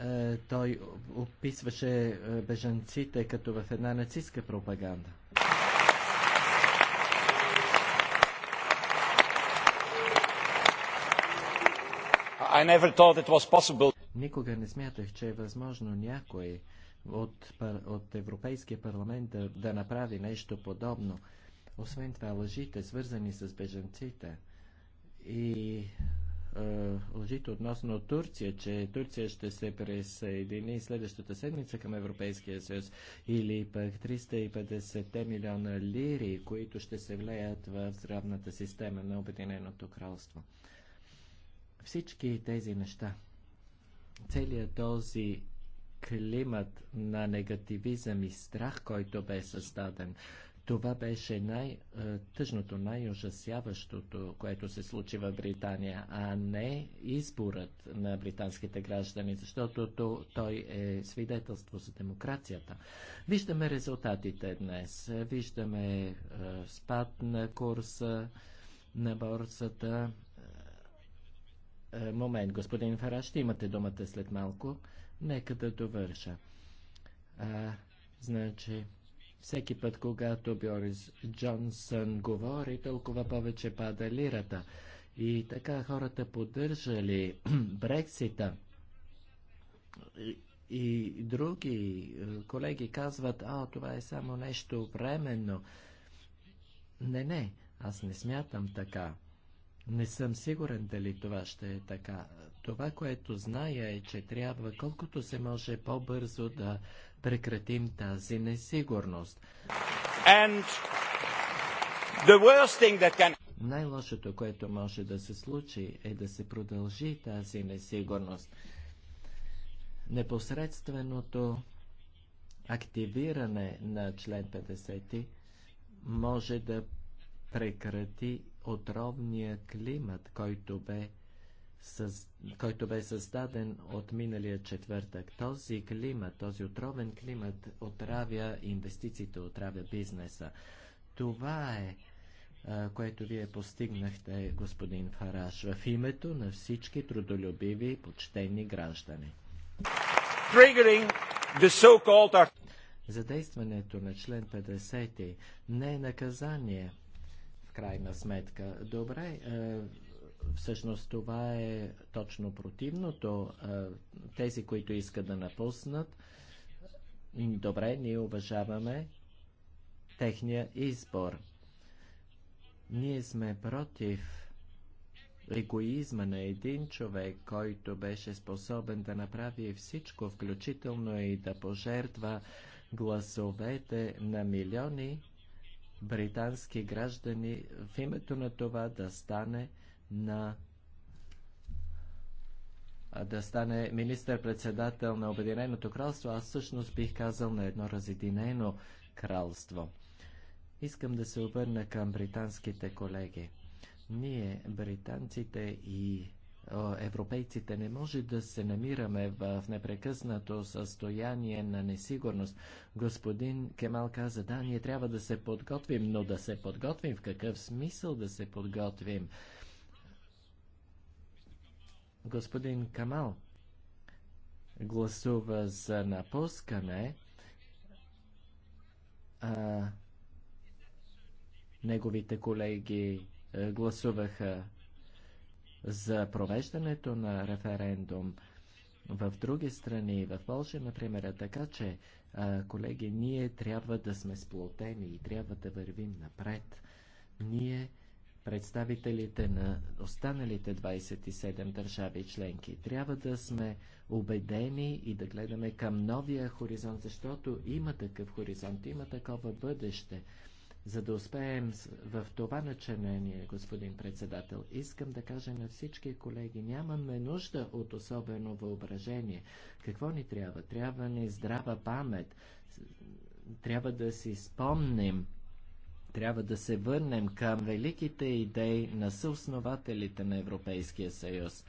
е, той описваше е, бежанците като в една нацистска пропаганда. Никога не смятах, че е възможно някой от, от Европейския парламент да, да направи нещо подобно. Освен това, лъжите, свързани с беженците и е, лъжите относно Турция, че Турция ще се присъедини следващата седмица към Европейския съюз или пък 350 милиона лири, които ще се влеят в здравната система на Обединеното кралство. Всички тези неща, целият този климат на негативизъм и страх, който бе създаден, това беше най-тъжното, е, най-ужасяващото, което се случи в Британия, а не изборът на британските граждани, защото то, той е свидетелство за демокрацията. Виждаме резултатите днес. Виждаме е, спад на курса на борсата, е, момент, господин Фараш, ще имате думата след малко. Нека да довърша. А, значи, всеки път, когато Бьорис Джонсън говори, толкова повече пада лирата. И така хората поддържали Брексита. И, и други е, колеги казват, а, това е само нещо временно. Не, не, аз не смятам така. Не съм сигурен дали това ще е така. Това, което зная е, че трябва колкото се може по-бързо да прекратим тази несигурност. Can... Най-лошото, което може да се случи, е да се продължи тази несигурност. Непосредственото активиране на член 50 може да прекрати отровния климат, който бе, съз... който бе създаден от миналия четвъртък. Този климат, този отровен климат отравя инвестициите, отравя бизнеса. Това е което вие постигнахте, господин Фараш, в името на всички трудолюбиви и почтени граждани. Задействането на член 50 не е наказание – крайна сметка. Добре, е, всъщност това е точно противното. Е, тези, които искат да напуснат, добре, ние уважаваме техния избор. Ние сме против егоизма на един човек, който беше способен да направи всичко, включително и да пожертва гласовете на милиони британски граждани в името на това да стане на да стане министър-председател на Обединеното кралство, аз всъщност бих казал на едно разединено кралство. Искам да се обърна към британските колеги. Ние, британците и европейците. Не може да се намираме в непрекъснато състояние на несигурност. Господин Кемал каза, да, ние трябва да се подготвим, но да се подготвим, в какъв смисъл да се подготвим? Господин Камал гласува за напускане. А, неговите колеги гласуваха за провеждането на референдум в други страни, в Польша, например. Е така че, колеги, ние трябва да сме сплотени и трябва да вървим напред. Ние представителите на останалите 27 държави членки. Трябва да сме убедени и да гледаме към новия хоризонт, защото има такъв хоризонт, има такова бъдеще. За да успеем в това начинение, господин председател, искам да кажа на всички колеги, нямаме нужда от особено въображение. Какво ни трябва? Трябва ни здрава памет. Трябва да си спомним трябва да се върнем към великите идеи на съоснователите на Европейския съюз.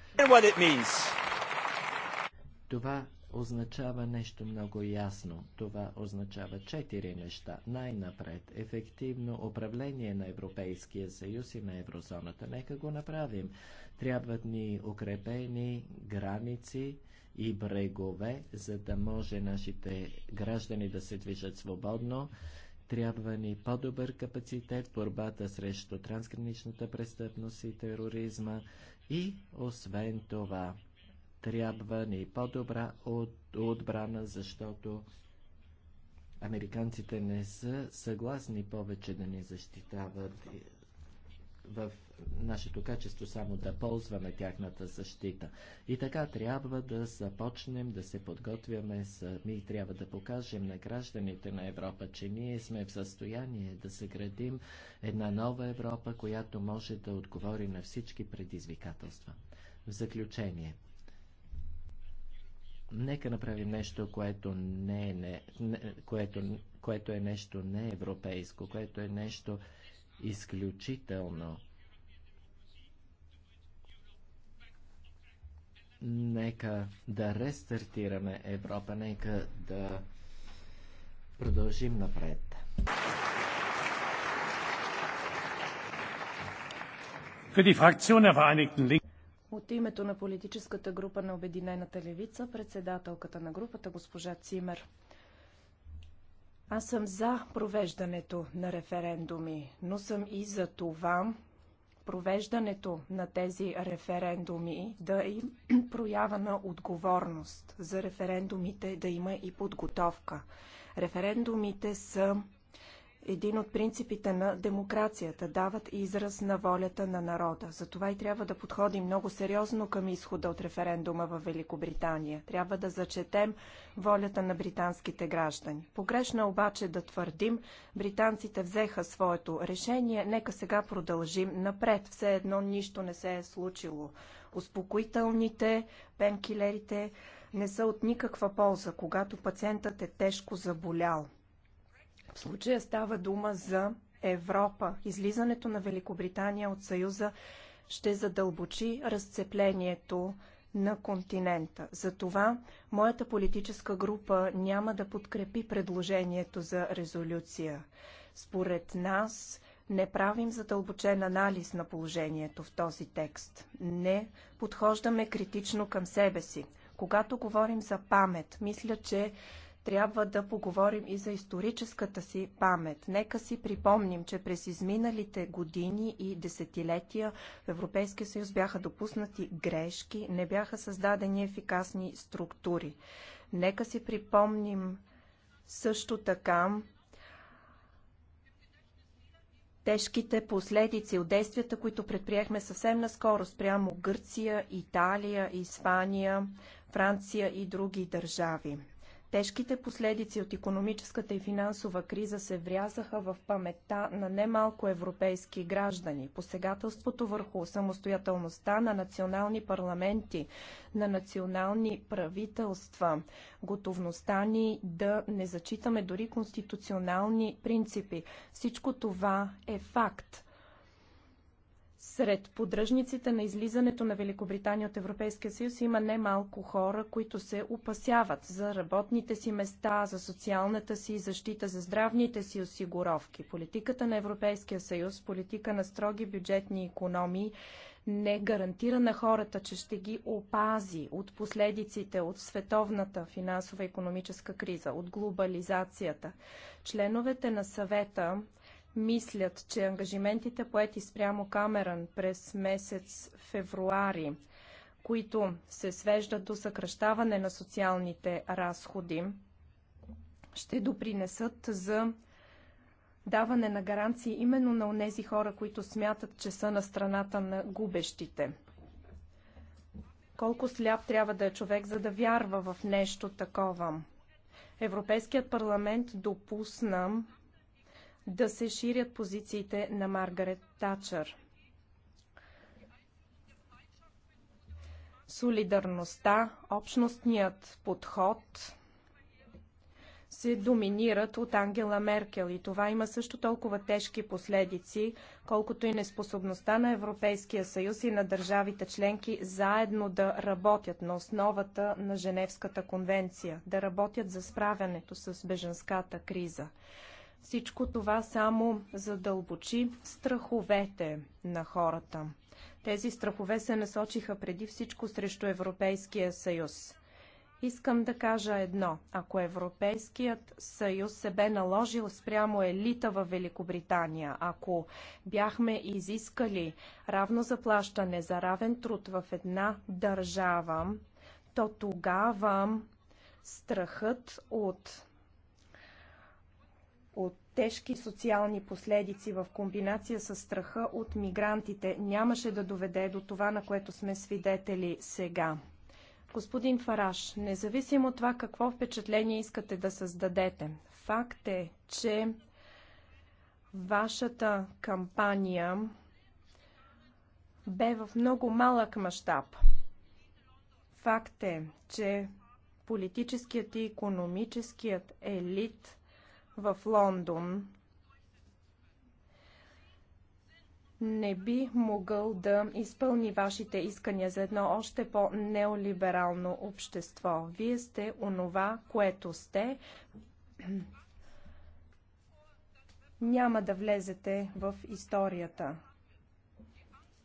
Това означава нещо много ясно. Това означава четири неща. Най-напред, ефективно управление на Европейския съюз и на еврозоната. Нека го направим. Трябват ни укрепени граници и брегове, за да може нашите граждани да се движат свободно. Трябва ни по-добър капацитет в борбата срещу трансграничната престъпност и тероризма и освен това трябва ни е по-добра от, отбрана, защото американците не са съгласни повече да ни защитават в нашето качество само да ползваме тяхната защита. И така трябва да започнем да се подготвяме сами. Трябва да покажем на гражданите на Европа, че ние сме в състояние да съградим една нова Европа, която може да отговори на всички предизвикателства. В заключение, нека направим нещо, което, не е, не, не, което, което е нещо не европейско, което е нещо изключително. Нека да рестартираме Европа, нека да продължим напред. Für die Fraktion der Vereinigten Linken от името на политическата група на Обединената левица, председателката на групата госпожа Цимер. Аз съм за провеждането на референдуми, но съм и за това провеждането на тези референдуми да им проява на отговорност. За референдумите да има и подготовка. Референдумите са един от принципите на демокрацията, дават израз на волята на народа. Затова и трябва да подходим много сериозно към изхода от референдума в Великобритания. Трябва да зачетем волята на британските граждани. Погрешно е обаче да твърдим, британците взеха своето решение, нека сега продължим напред. Все едно нищо не се е случило. Успокоителните, пенкилерите не са от никаква полза, когато пациентът е тежко заболял в случая става дума за Европа. Излизането на Великобритания от Съюза ще задълбочи разцеплението на континента. Затова моята политическа група няма да подкрепи предложението за резолюция. Според нас не правим задълбочен анализ на положението в този текст. Не подхождаме критично към себе си. Когато говорим за памет, мисля, че трябва да поговорим и за историческата си памет. Нека си припомним, че през изминалите години и десетилетия в Европейския съюз бяха допуснати грешки, не бяха създадени ефикасни структури. Нека си припомним също така тежките последици от действията, които предприехме съвсем наскоро спрямо Гърция, Италия, Испания, Франция и други държави. Тежките последици от економическата и финансова криза се врязаха в паметта на немалко европейски граждани. Посегателството върху самостоятелността на национални парламенти, на национални правителства, готовността ни да не зачитаме дори конституционални принципи. Всичко това е факт. Сред поддръжниците на излизането на Великобритания от Европейския съюз има немалко хора, които се опасяват за работните си места, за социалната си защита, за здравните си осигуровки. Политиката на Европейския съюз, политика на строги бюджетни економии, не гарантира на хората, че ще ги опази от последиците от световната финансова економическа криза, от глобализацията. Членовете на съвета мислят, че ангажиментите поети спрямо Камерън през месец февруари, които се свеждат до съкръщаване на социалните разходи, ще допринесат за даване на гаранции именно на онези хора, които смятат, че са на страната на губещите. Колко сляп трябва да е човек, за да вярва в нещо такова? Европейският парламент допусна да се ширят позициите на Маргарет Тачър. Солидарността, общностният подход се доминират от Ангела Меркел и това има също толкова тежки последици, колкото и неспособността на Европейския съюз и на държавите членки заедно да работят на основата на Женевската конвенция, да работят за справянето с беженската криза. Всичко това само задълбочи страховете на хората. Тези страхове се насочиха преди всичко срещу Европейския съюз. Искам да кажа едно. Ако Европейският съюз се бе наложил спрямо елита във Великобритания, ако бяхме изискали равно заплащане за равен труд в една държава, то тогава страхът от от тежки социални последици в комбинация с страха от мигрантите нямаше да доведе до това, на което сме свидетели сега. Господин Фараш, независимо от това какво впечатление искате да създадете, факт е, че вашата кампания бе в много малък мащаб. Факт е, че политическият и економическият елит – в Лондон не би могъл да изпълни вашите искания за едно още по-неолиберално общество. Вие сте онова, което сте. Няма да влезете в историята.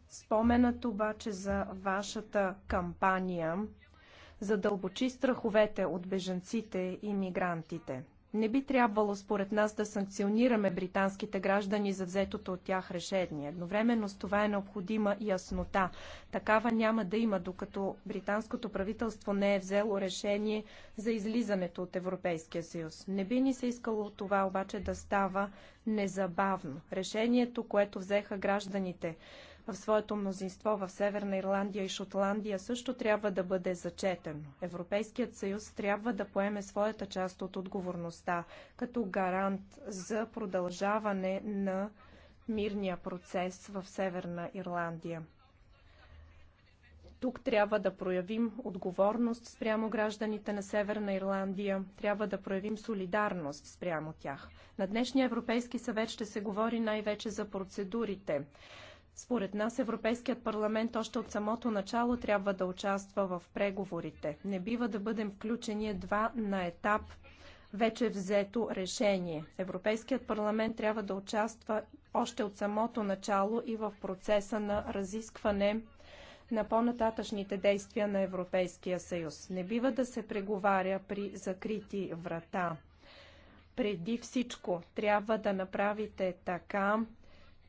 Споменът обаче за вашата кампания задълбочи страховете от беженците и мигрантите. Не би трябвало според нас да санкционираме британските граждани за взетото от тях решение. Едновременно с това е необходима яснота. Такава няма да има, докато британското правителство не е взело решение за излизането от Европейския съюз. Не би ни се искало това обаче да става незабавно. Решението, което взеха гражданите в своето мнозинство в Северна Ирландия и Шотландия също трябва да бъде зачетено. Европейският съюз трябва да поеме своята част от отговорността като гарант за продължаване на мирния процес в Северна Ирландия. Тук трябва да проявим отговорност спрямо гражданите на Северна Ирландия, трябва да проявим солидарност спрямо тях. На днешния Европейски съвет ще се говори най-вече за процедурите. Според нас Европейският парламент още от самото начало трябва да участва в преговорите. Не бива да бъдем включени едва на етап вече взето решение. Европейският парламент трябва да участва още от самото начало и в процеса на разискване на по-нататъчните действия на Европейския съюз. Не бива да се преговаря при закрити врата. Преди всичко трябва да направите така,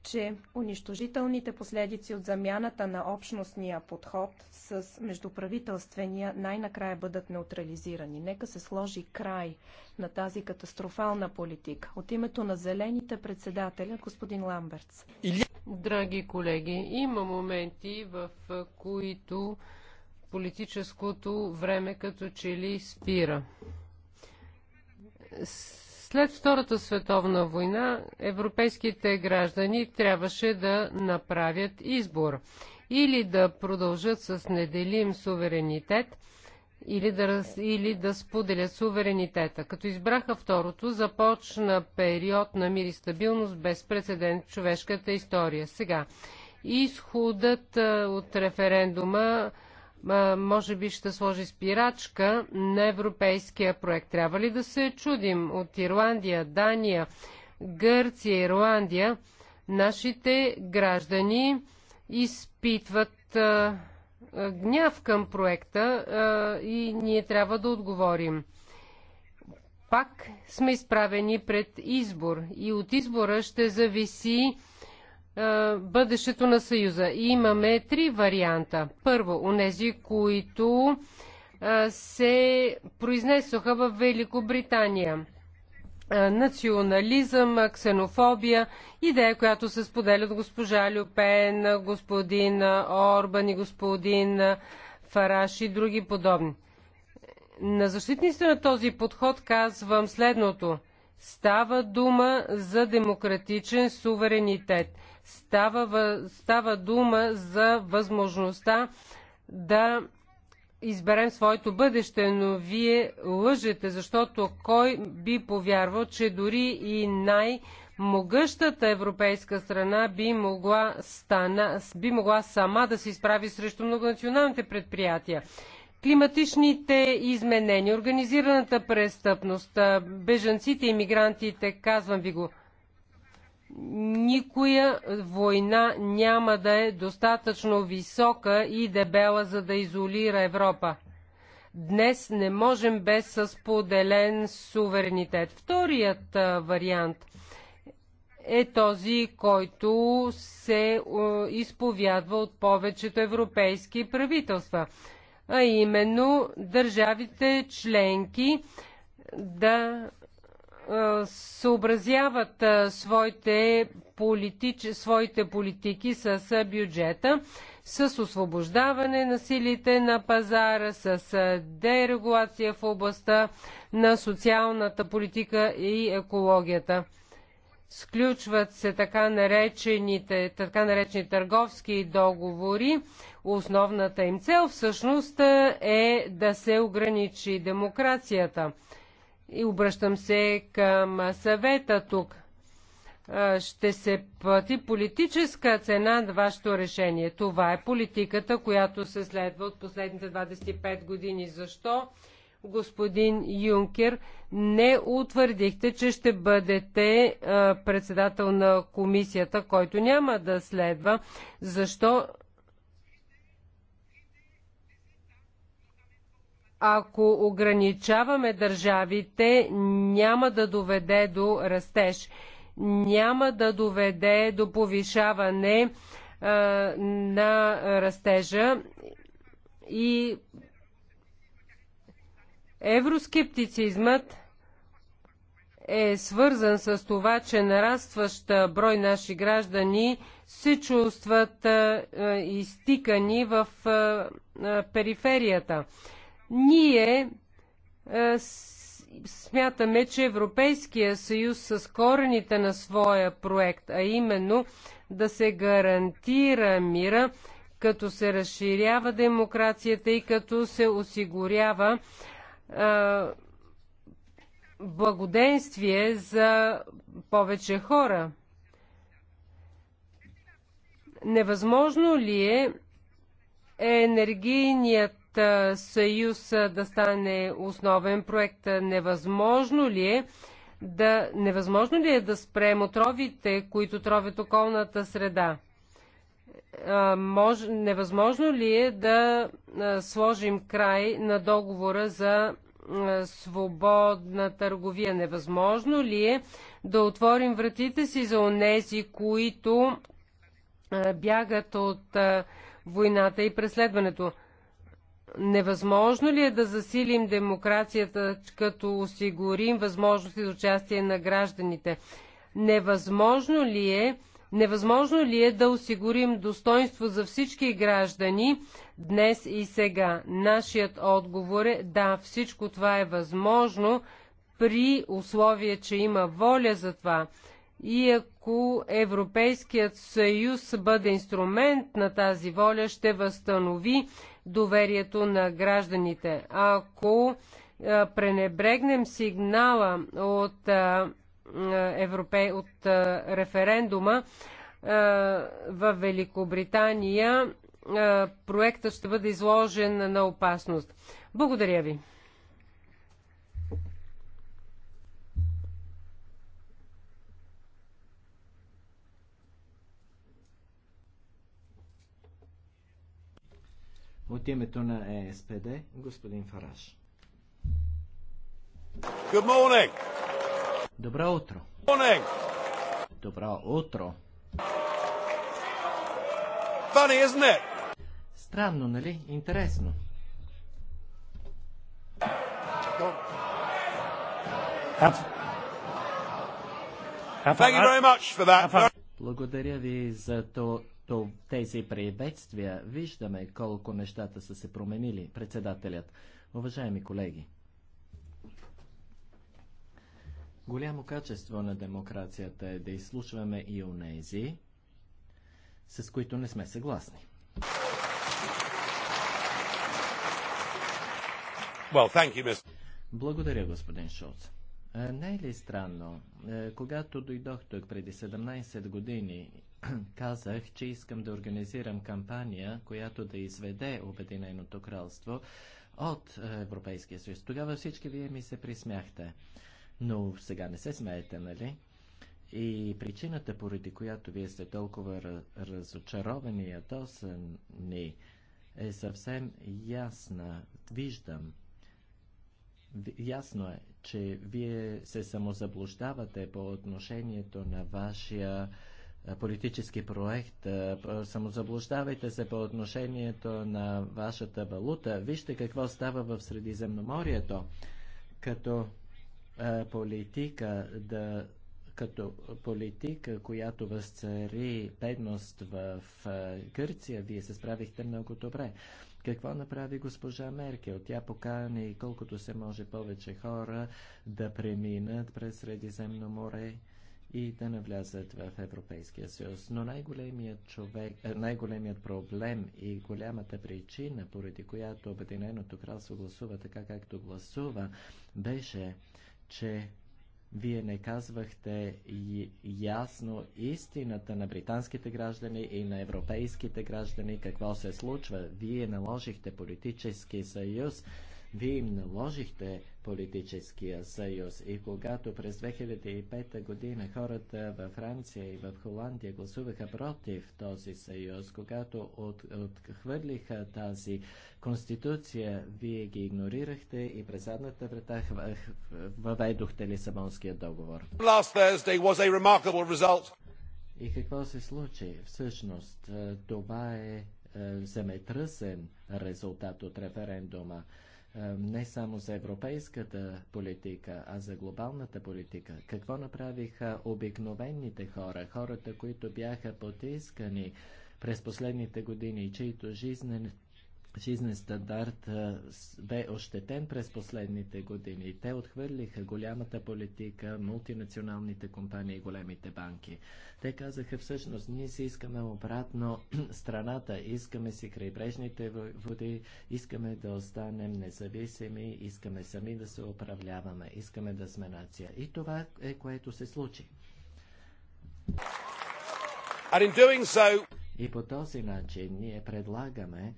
че унищожителните последици от замяната на общностния подход с междуправителствения най-накрая бъдат неутрализирани. Нека се сложи край на тази катастрофална политика. От името на зелените председателя, господин Ламбертс. Драги колеги, има моменти, в които политическото време като че ли спира след Втората световна война европейските граждани трябваше да направят избор или да продължат с неделим суверенитет, или да, раз, или да споделят суверенитета. Като избраха второто, започна период на мир и стабилност без прецедент в човешката история. Сега, изходът от референдума може би ще сложи спирачка на европейския проект. Трябва ли да се чудим от Ирландия, Дания, Гърция, Ирландия? Нашите граждани изпитват а, гняв към проекта а, и ние трябва да отговорим. Пак сме изправени пред избор и от избора ще зависи е, бъдещето на Съюза. И имаме три варианта. Първо, унези, които е, се произнесоха в Великобритания. Е, национализъм, ксенофобия, идея, която се споделят госпожа Люпен, господин Орбан и господин Фараш и други подобни. На защитниците на този подход казвам следното. Става дума за демократичен суверенитет – Става, става дума за възможността да изберем своето бъдеще, но вие лъжете, защото кой би повярвал, че дори и най-могъщата европейска страна би могла, стана, би могла сама да се изправи срещу многонационалните предприятия. Климатичните изменения, организираната престъпност, бежанците и мигрантите, казвам ви го – никоя война няма да е достатъчно висока и дебела, за да изолира Европа. Днес не можем без споделен суверенитет. Вторият вариант е този, който се изповядва от повечето европейски правителства, а именно държавите членки да е, съобразяват е, своите, политич, своите политики с е, бюджета, с освобождаване на силите на пазара, с дерегулация в областта на социалната политика и екологията. Сключват се така наречените, така наречени търговски договори. Основната им цел всъщност е да се ограничи демокрацията. И обръщам се към съвета тук. Ще се плати политическа цена на вашето решение. Това е политиката, която се следва от последните 25 години. Защо, господин Юнкер, не утвърдихте, че ще бъдете председател на комисията, който няма да следва? Защо ако ограничаваме държавите, няма да доведе до растеж, няма да доведе до повишаване а, на растежа и евроскептицизмът е свързан с това, че нарастващ брой наши граждани се чувстват а, изтикани в а, периферията. Ние е, смятаме, че Европейския съюз с корените на своя проект, а именно да се гарантира мира, като се разширява демокрацията и като се осигурява е, благоденствие за повече хора. Невъзможно ли е енергийният проект Съюз да стане основен проект? Невъзможно ли е да, невъзможно ли е да спрем отровите, които тровят околната среда? Мож, невъзможно ли е да сложим край на договора за свободна търговия? Невъзможно ли е да отворим вратите си за онези, които бягат от войната и преследването? Невъзможно ли е да засилим демокрацията, като осигурим възможности за участие на гражданите? Невъзможно ли е Невъзможно ли е да осигурим достоинство за всички граждани днес и сега? Нашият отговор е да, всичко това е възможно при условие, че има воля за това. И ако Европейският съюз бъде инструмент на тази воля, ще възстанови доверието на гражданите. Ако пренебрегнем сигнала от, Европе... от референдума в Великобритания, проектът ще бъде изложен на опасност. Благодаря ви. От името на ЕСПД, господин Фараш. Good morning. Добро утро. Good morning. Добро утро. Funny, isn't it? Странно, нали? Интересно. Благодаря ви за, то, тези приветствия виждаме колко нещата са се променили. Председателят, уважаеми колеги, голямо качество на демокрацията е да изслушваме и унези, с които не сме съгласни. Well, thank you, Mr. Благодаря, господин Шолц. Е, не е ли странно, е, когато дойдох тук преди 17 години казах, че искам да организирам кампания, която да изведе Обединеното кралство от е, Европейския съюз. Тогава всички вие ми се присмяхте. Но сега не се смеете, нали? И причината, поради която вие сте толкова разочаровани и ядосани, е съвсем ясна. Виждам. Ясно е, че вие се самозаблуждавате по отношението на вашия политически проект. Самозаблуждавайте се по отношението на вашата валута. Вижте какво става в Средиземноморието. Като политика да като политика, която възцари бедност в Гърция, вие се справихте много добре. Какво направи госпожа Меркел? Тя покани колкото се може повече хора да преминат през Средиземно море и да навлязат в Европейския съюз. Но най-големият, човек, е, най-големият проблем и голямата причина, поради която Обединеното кралство гласува така, както гласува, беше, че вие не казвахте ясно истината на британските граждани и на европейските граждани какво се случва. Вие наложихте политически съюз вие им наложихте политическия съюз и когато през 2005 година хората във Франция и в Холандия гласуваха против този съюз, когато от, отхвърлиха тази конституция, вие ги игнорирахте и през задната врата въведохте Лисабонския договор. И какво се случи? Всъщност, е, това е, е земетръсен резултат от референдума. Е, не само за европейската политика, а за глобалната политика. Какво направиха обикновените хора, хората, които бяха потискани през последните години, чието жизнен жизнен стандарт бе ощетен през последните години. Те отхвърлиха голямата политика, мултинационалните компании и големите банки. Те казаха всъщност, ние си искаме обратно страната, искаме си крайбрежните води, искаме да останем независими, искаме сами да се управляваме, искаме да сме нация. И това е което се случи. So... И по този начин ние предлагаме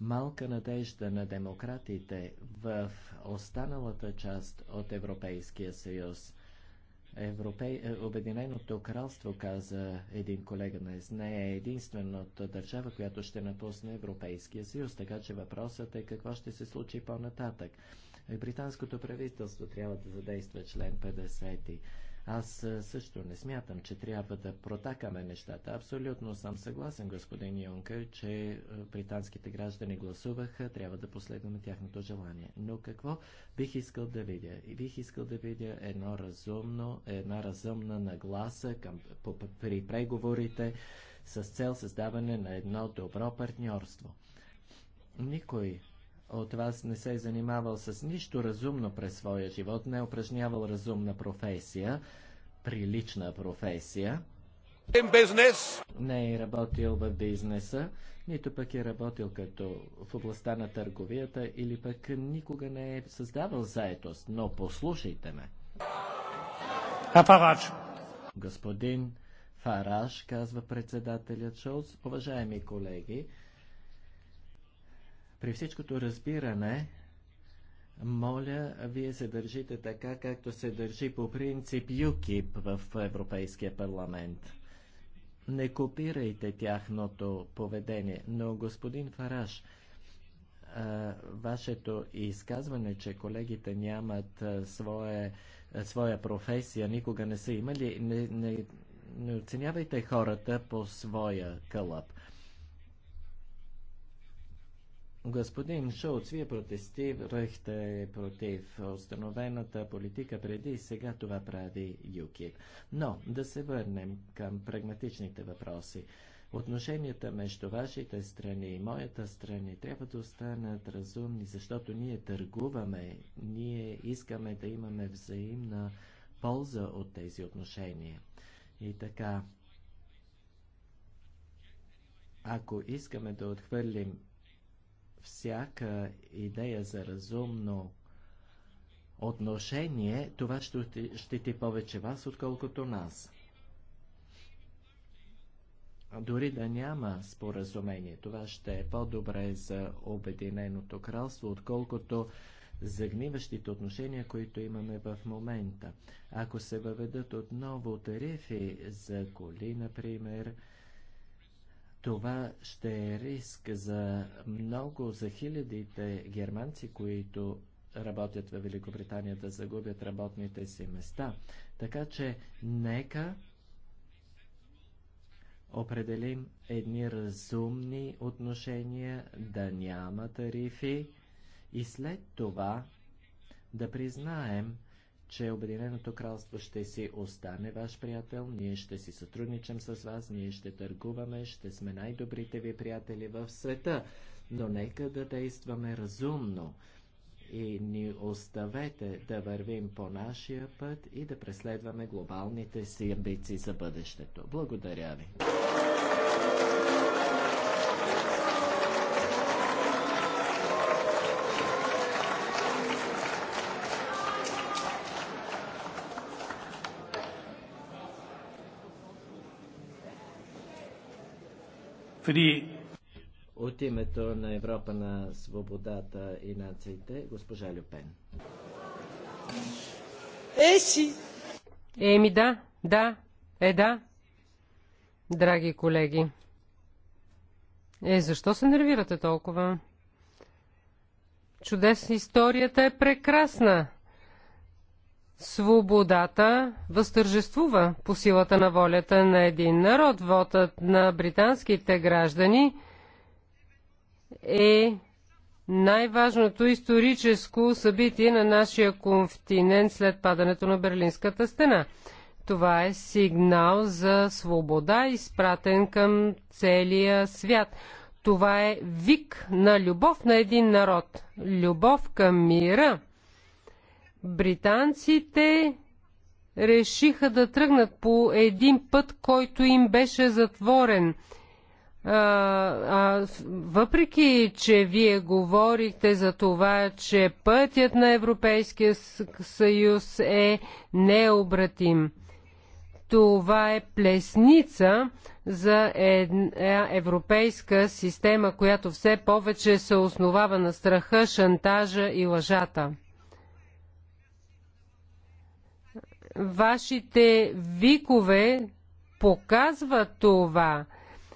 малка надежда на демократите в останалата част от Европейския съюз. Европей... Е, Обединеното кралство, каза един колега днес, не е единствената държава, която ще напусне Европейския съюз, така че въпросът е какво ще се случи по-нататък. Британското правителство трябва да задейства член 50 аз също не смятам, че трябва да протакаме нещата. Абсолютно съм съгласен, господин Юнкър, че британските граждани гласуваха, трябва да последваме тяхното желание. Но какво бих искал да видя? И бих искал да видя едно разумно, една разумна нагласа към, по, при преговорите с цел създаване на едно добро партньорство. Никой от вас не се е занимавал с нищо разумно през своя живот, не е упражнявал разумна професия, прилична професия, не е работил в бизнеса, нито пък е работил като в областта на търговията или пък никога не е създавал заетост. Но послушайте ме. Апарач. Господин Фараш, казва председателят Шолц, уважаеми колеги, при всичкото разбиране, моля, вие се държите така, както се държи по принцип ЮКИП в Европейския парламент. Не копирайте тяхното поведение, но господин Фараш, вашето изказване, че колегите нямат свое, своя професия, никога не са имали, не, не, не оценявайте хората по своя кълъп. Господин Шоуц, вие протестирахте против установената политика преди и сега това прави ЮКИП. Но да се върнем към прагматичните въпроси. Отношенията между вашите страни и моята страни трябва да останат разумни, защото ние търгуваме, ние искаме да имаме взаимна полза от тези отношения. И така, ако искаме да отхвърлим всяка идея за разумно отношение, това ще щети повече вас, отколкото нас. Дори да няма споразумение, това ще е по-добре за Обединеното кралство, отколкото загниващите отношения, които имаме в момента. Ако се въведат отново тарифи за коли, например, това ще е риск за много, за хилядите германци, които работят във Великобритания да загубят работните си места. Така че нека определим едни разумни отношения, да няма тарифи и след това да признаем, че Обединеното кралство ще си остане ваш приятел, ние ще си сътрудничам с вас, ние ще търгуваме, ще сме най-добрите ви приятели в света, но нека да действаме разумно и ни оставете да вървим по нашия път и да преследваме глобалните си амбиции за бъдещето. Благодаря ви! При... От името на Европа на свободата и нациите, госпожа Люпен. Е, си! Еми да, да, е да. Драги колеги, е, защо се нервирате толкова? Чудесна историята е прекрасна. Свободата възтържествува по силата на волята на един народ. Вотът на британските граждани е най-важното историческо събитие на нашия континент след падането на Берлинската стена. Това е сигнал за свобода, изпратен към целия свят. Това е вик на любов на един народ, любов към мира британците решиха да тръгнат по един път, който им беше затворен. А, а, въпреки, че вие говорихте за това, че пътят на Европейския съюз е необратим. Това е плесница за една е, европейска система, която все повече се основава на страха, шантажа и лъжата. Вашите викове показва това.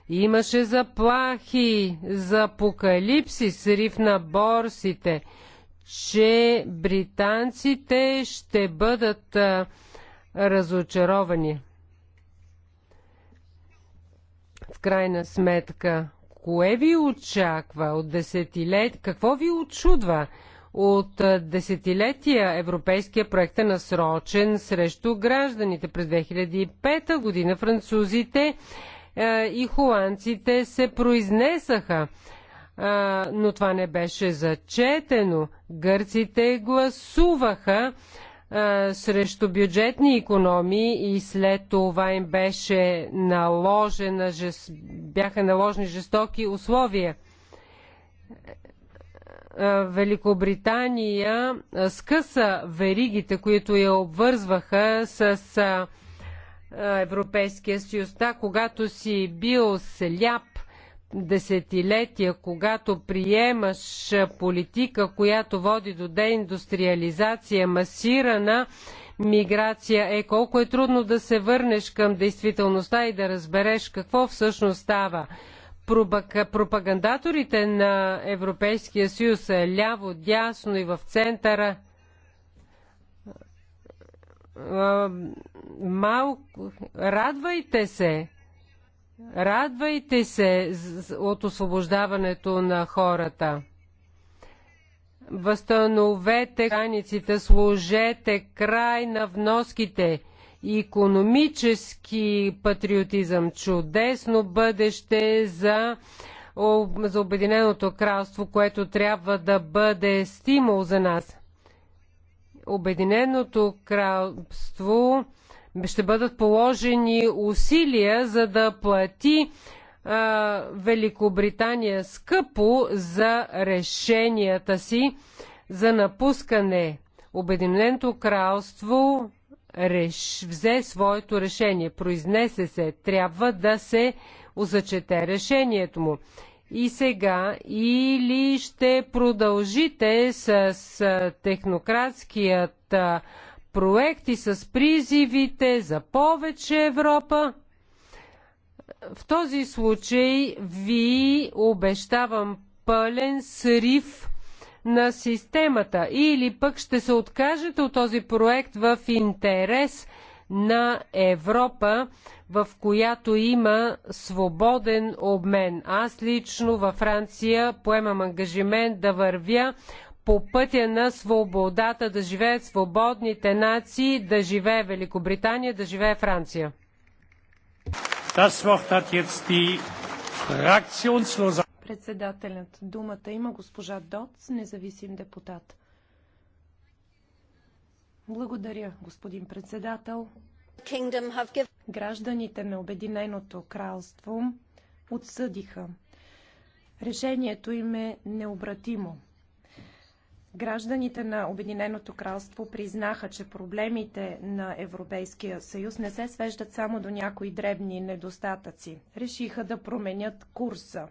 Имаше заплахи за апокалипсис, риф на борсите, че британците ще бъдат а, разочаровани. В крайна сметка, кое ви очаква от десетилет? Какво ви очудва? От десетилетия европейския проект е насрочен срещу гражданите. През 2005 година французите и холандците се произнесаха но това не беше зачетено. Гърците гласуваха срещу бюджетни економии и след това им беше наложена, бяха наложени жестоки условия. Е, Великобритания е, скъса веригите, които я обвързваха с е, Европейския съюз. Да, когато си бил сляп десетилетия, когато приемаш политика, която води до деиндустриализация, масирана миграция, е колко е трудно да се върнеш към действителността и да разбереш какво всъщност става пропагандаторите на Европейския съюз е ляво, дясно и в центъра малко радвайте се радвайте се от освобождаването на хората възстановете границите сложете край на вноските економически патриотизъм, чудесно бъдеще за за Обединеното кралство, което трябва да бъде стимул за нас. Обединеното кралство ще бъдат положени усилия за да плати а, Великобритания скъпо за решенията си за напускане. Обединеното кралство реш, взе своето решение, произнесе се, трябва да се озачете решението му. И сега или ще продължите с, с технократският проект и с призивите за повече Европа? В този случай ви обещавам пълен срив на системата или пък ще се откажете от този проект в интерес на Европа, в която има свободен обмен. Аз лично във Франция поемам ангажимент да вървя по пътя на свободата, да живеят свободните нации, да живее Великобритания, да живее Франция. Председателят. Думата има госпожа Доц, независим депутат. Благодаря, господин председател. Гражданите на Обединеното кралство отсъдиха. Решението им е необратимо. Гражданите на Обединеното кралство признаха, че проблемите на Европейския съюз не се свеждат само до някои дребни недостатъци. Решиха да променят курса.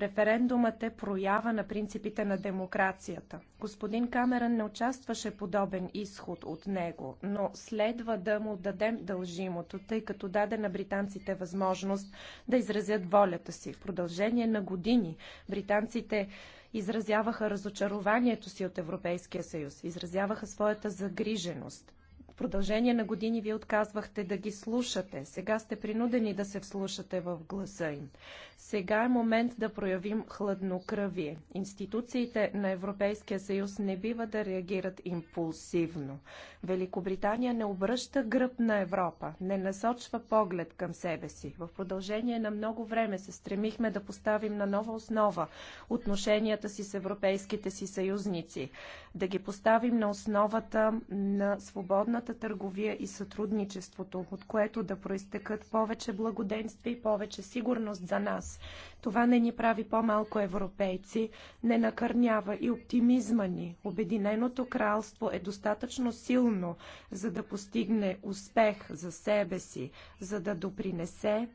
Референдумът е проява на принципите на демокрацията. Господин Камерън не участваше подобен изход от него, но следва да му дадем дължимото, тъй като даде на британците възможност да изразят волята си. В продължение на години британците изразяваха разочарованието си от Европейския съюз, изразяваха своята загриженост продължение на години вие отказвахте да ги слушате. Сега сте принудени да се вслушате в гласа им. Сега е момент да проявим хладнокръвие. Институциите на Европейския съюз не бива да реагират импулсивно. Великобритания не обръща гръб на Европа, не насочва поглед към себе си. В продължение на много време се стремихме да поставим на нова основа отношенията си с европейските си съюзници, да ги поставим на основата на свободната свободната търговия и сътрудничеството, от което да проистекат повече благоденствие и повече сигурност за нас. Това не ни прави по-малко европейци, не накърнява и оптимизма ни. Обединеното кралство е достатъчно силно, за да постигне успех за себе си, за да допринесе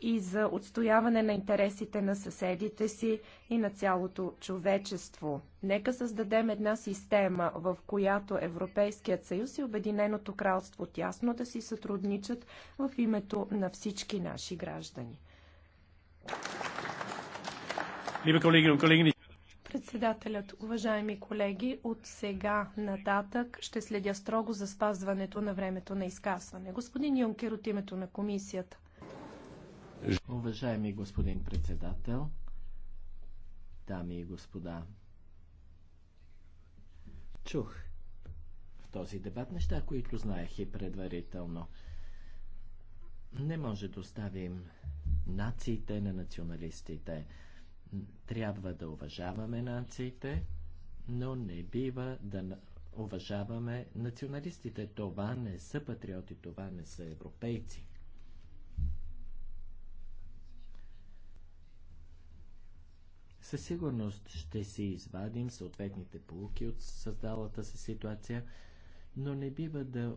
и за отстояване на интересите на съседите си и на цялото човечество. Нека създадем една система, в която Европейският съюз и Обединеното кралство тясно да си сътрудничат в името на всички наши граждани. Председателят, уважаеми колеги, от сега нататък ще следя строго за спазването на времето на изказване. Господин Юнкер от името на комисията. Уважаеми господин председател, дами и господа, чух в този дебат неща, които знаех и предварително. Не може да оставим нациите на националистите. Трябва да уважаваме нациите, но не бива да уважаваме националистите. Това не са патриоти, това не са европейци. Със сигурност ще си извадим съответните полуки от създалата се ситуация, но не бива да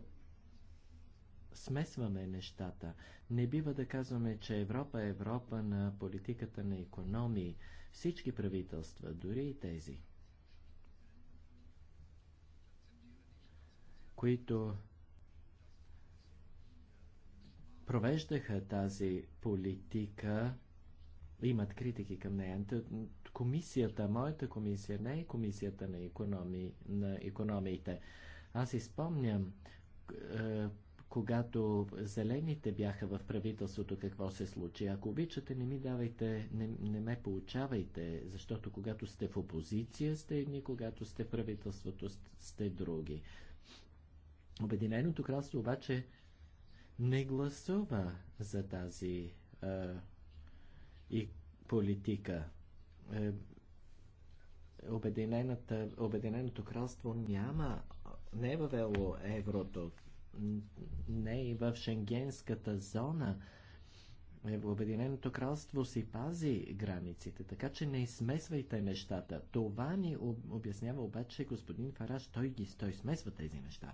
смесваме нещата. Не бива да казваме, че Европа е Европа на политиката на економии. Всички правителства, дори и тези, които провеждаха тази политика, имат критики към нея комисията, моята комисия, не е комисията на, економи, на економиите. Аз изпомням, е, когато зелените бяха в правителството, какво се случи. Ако обичате, не ми давайте, не, не ме получавайте, защото когато сте в опозиция, сте едни, когато сте в правителството, сте други. Обединеното кралство обаче не гласува за тази е, и политика. Е, Обединеното кралство няма, не е въвело еврото, не е и в Шенгенската зона. Е, Обединеното кралство си пази границите, така че не смесвайте нещата. Това ни обяснява обаче господин Фараш, той ги той смесва тези неща.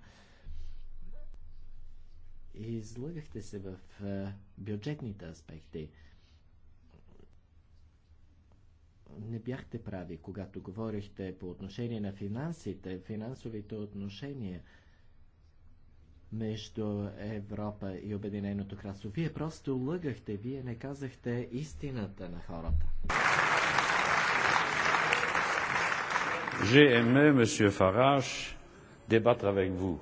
Излагахте се в бюджетните аспекти не бяхте прави, когато говорихте по отношение на финансите, финансовите отношения между Европа и Обединеното кралство. Вие просто лъгахте, вие не казахте истината на хората. J'ai aimé, Monsieur Farage, débattre avec vous.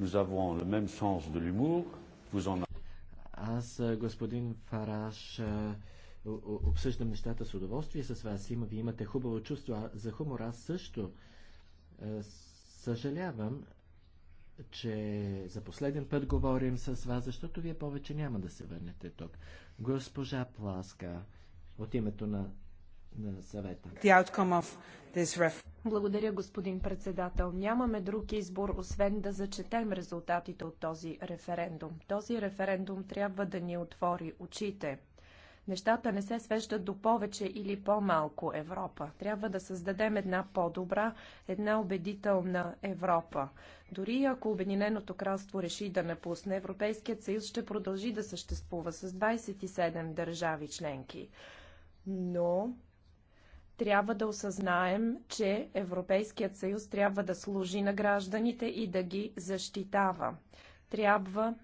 Nous avons le même sens de l'humour. Vous en Аз, господин Фараш, обсъждам нещата с удоволствие с вас. Има, Вие имате хубаво чувство а за хумор. Аз също е, съжалявам, че за последен път говорим с вас, защото вие повече няма да се върнете тук. Госпожа Пласка, от името на, на съвета. Благодаря, господин председател. Нямаме друг избор, освен да зачетем резултатите от този референдум. Този референдум трябва да ни отвори очите. Нещата не се свеждат до повече или по-малко Европа. Трябва да създадем една по-добра, една убедителна Европа. Дори ако Обединеното кралство реши да напусне, Европейският съюз ще продължи да съществува с 27 държави членки. Но трябва да осъзнаем, че Европейският съюз трябва да служи на гражданите и да ги защитава. Трябва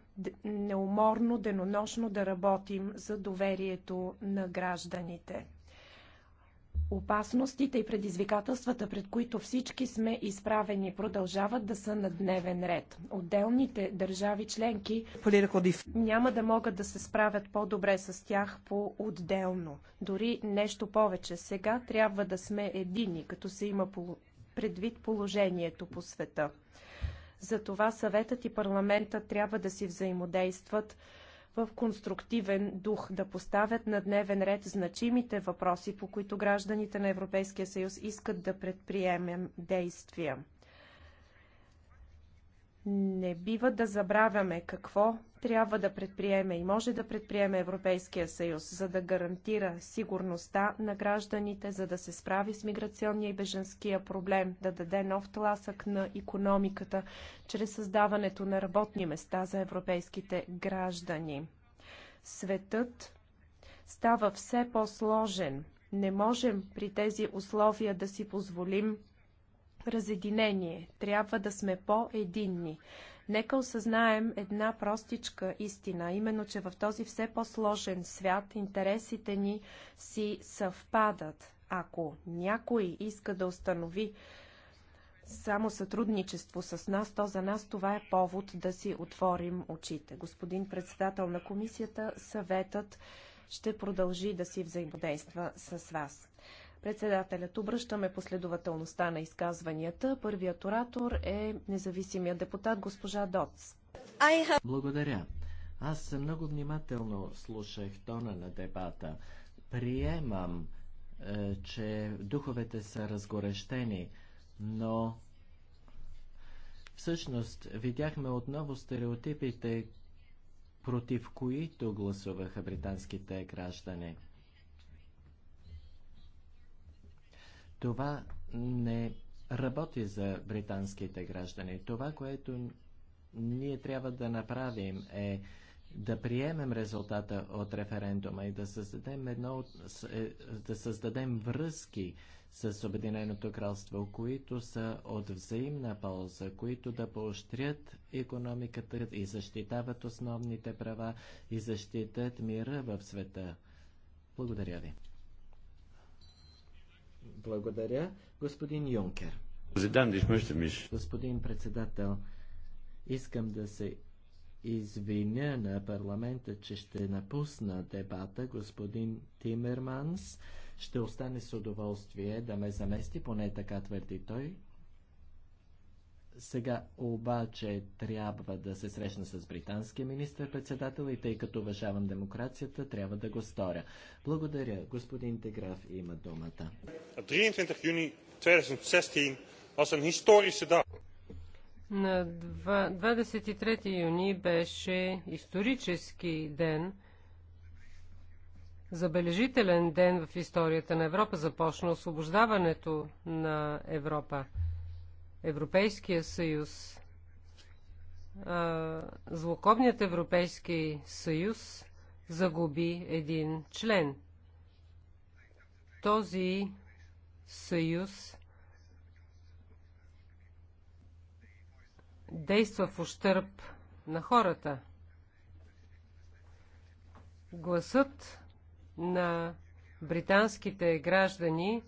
неуморно, денонощно да работим за доверието на гражданите. Опасностите и предизвикателствата, пред които всички сме изправени, продължават да са на дневен ред. Отделните държави членки няма да могат да се справят по-добре с тях по-отделно. Дори нещо повече. Сега трябва да сме едини, като се има предвид положението по света. Затова съветът и парламента трябва да си взаимодействат в конструктивен дух, да поставят на дневен ред значимите въпроси, по които гражданите на Европейския съюз искат да предприемем действия. Не бива да забравяме какво трябва да предприеме и може да предприеме Европейския съюз, за да гарантира сигурността на гражданите, за да се справи с миграционния и беженския проблем, да даде нов тласък на економиката чрез създаването на работни места за европейските граждани. Светът става все по-сложен. Не можем при тези условия да си позволим разединение. Трябва да сме по-единни. Нека осъзнаем една простичка истина, именно, че в този все по-сложен свят интересите ни си съвпадат. Ако някой иска да установи само сътрудничество с нас, то за нас това е повод да си отворим очите. Господин председател на комисията, съветът ще продължи да си взаимодейства с вас. Председателят, обръщаме последователността на изказванията. Първият оратор е независимия депутат госпожа Доц. Have... Благодаря. Аз много внимателно слушах тона на дебата. Приемам, е, че духовете са разгорещени, но всъщност видяхме отново стереотипите, против които гласуваха британските граждани. Това не работи за британските граждани. Това, което ние трябва да направим е да приемем резултата от референдума и да създадем, едно, е, да създадем връзки с Обединеното кралство, които са от взаимна полза, които да поощрят економиката и защитават основните права и защитат мира в света. Благодаря ви. Благодаря, господин Юнкер. Господин председател, искам да се извиня на парламента, че ще напусна дебата. Господин Тимерманс ще остане с удоволствие да ме замести, поне така твърди той. Сега обаче трябва да се срещна с британския министър председател и тъй като уважавам демокрацията, трябва да го сторя. Благодаря. Господин Теграф има думата. 23 юни 2016 was een historische dag. На 23 юни беше исторически ден, забележителен ден в историята на Европа. Започна освобождаването на Европа. Европейския съюз, злокобният Европейски съюз загуби един член. Този съюз действа в ущърп на хората. Гласът на британските граждани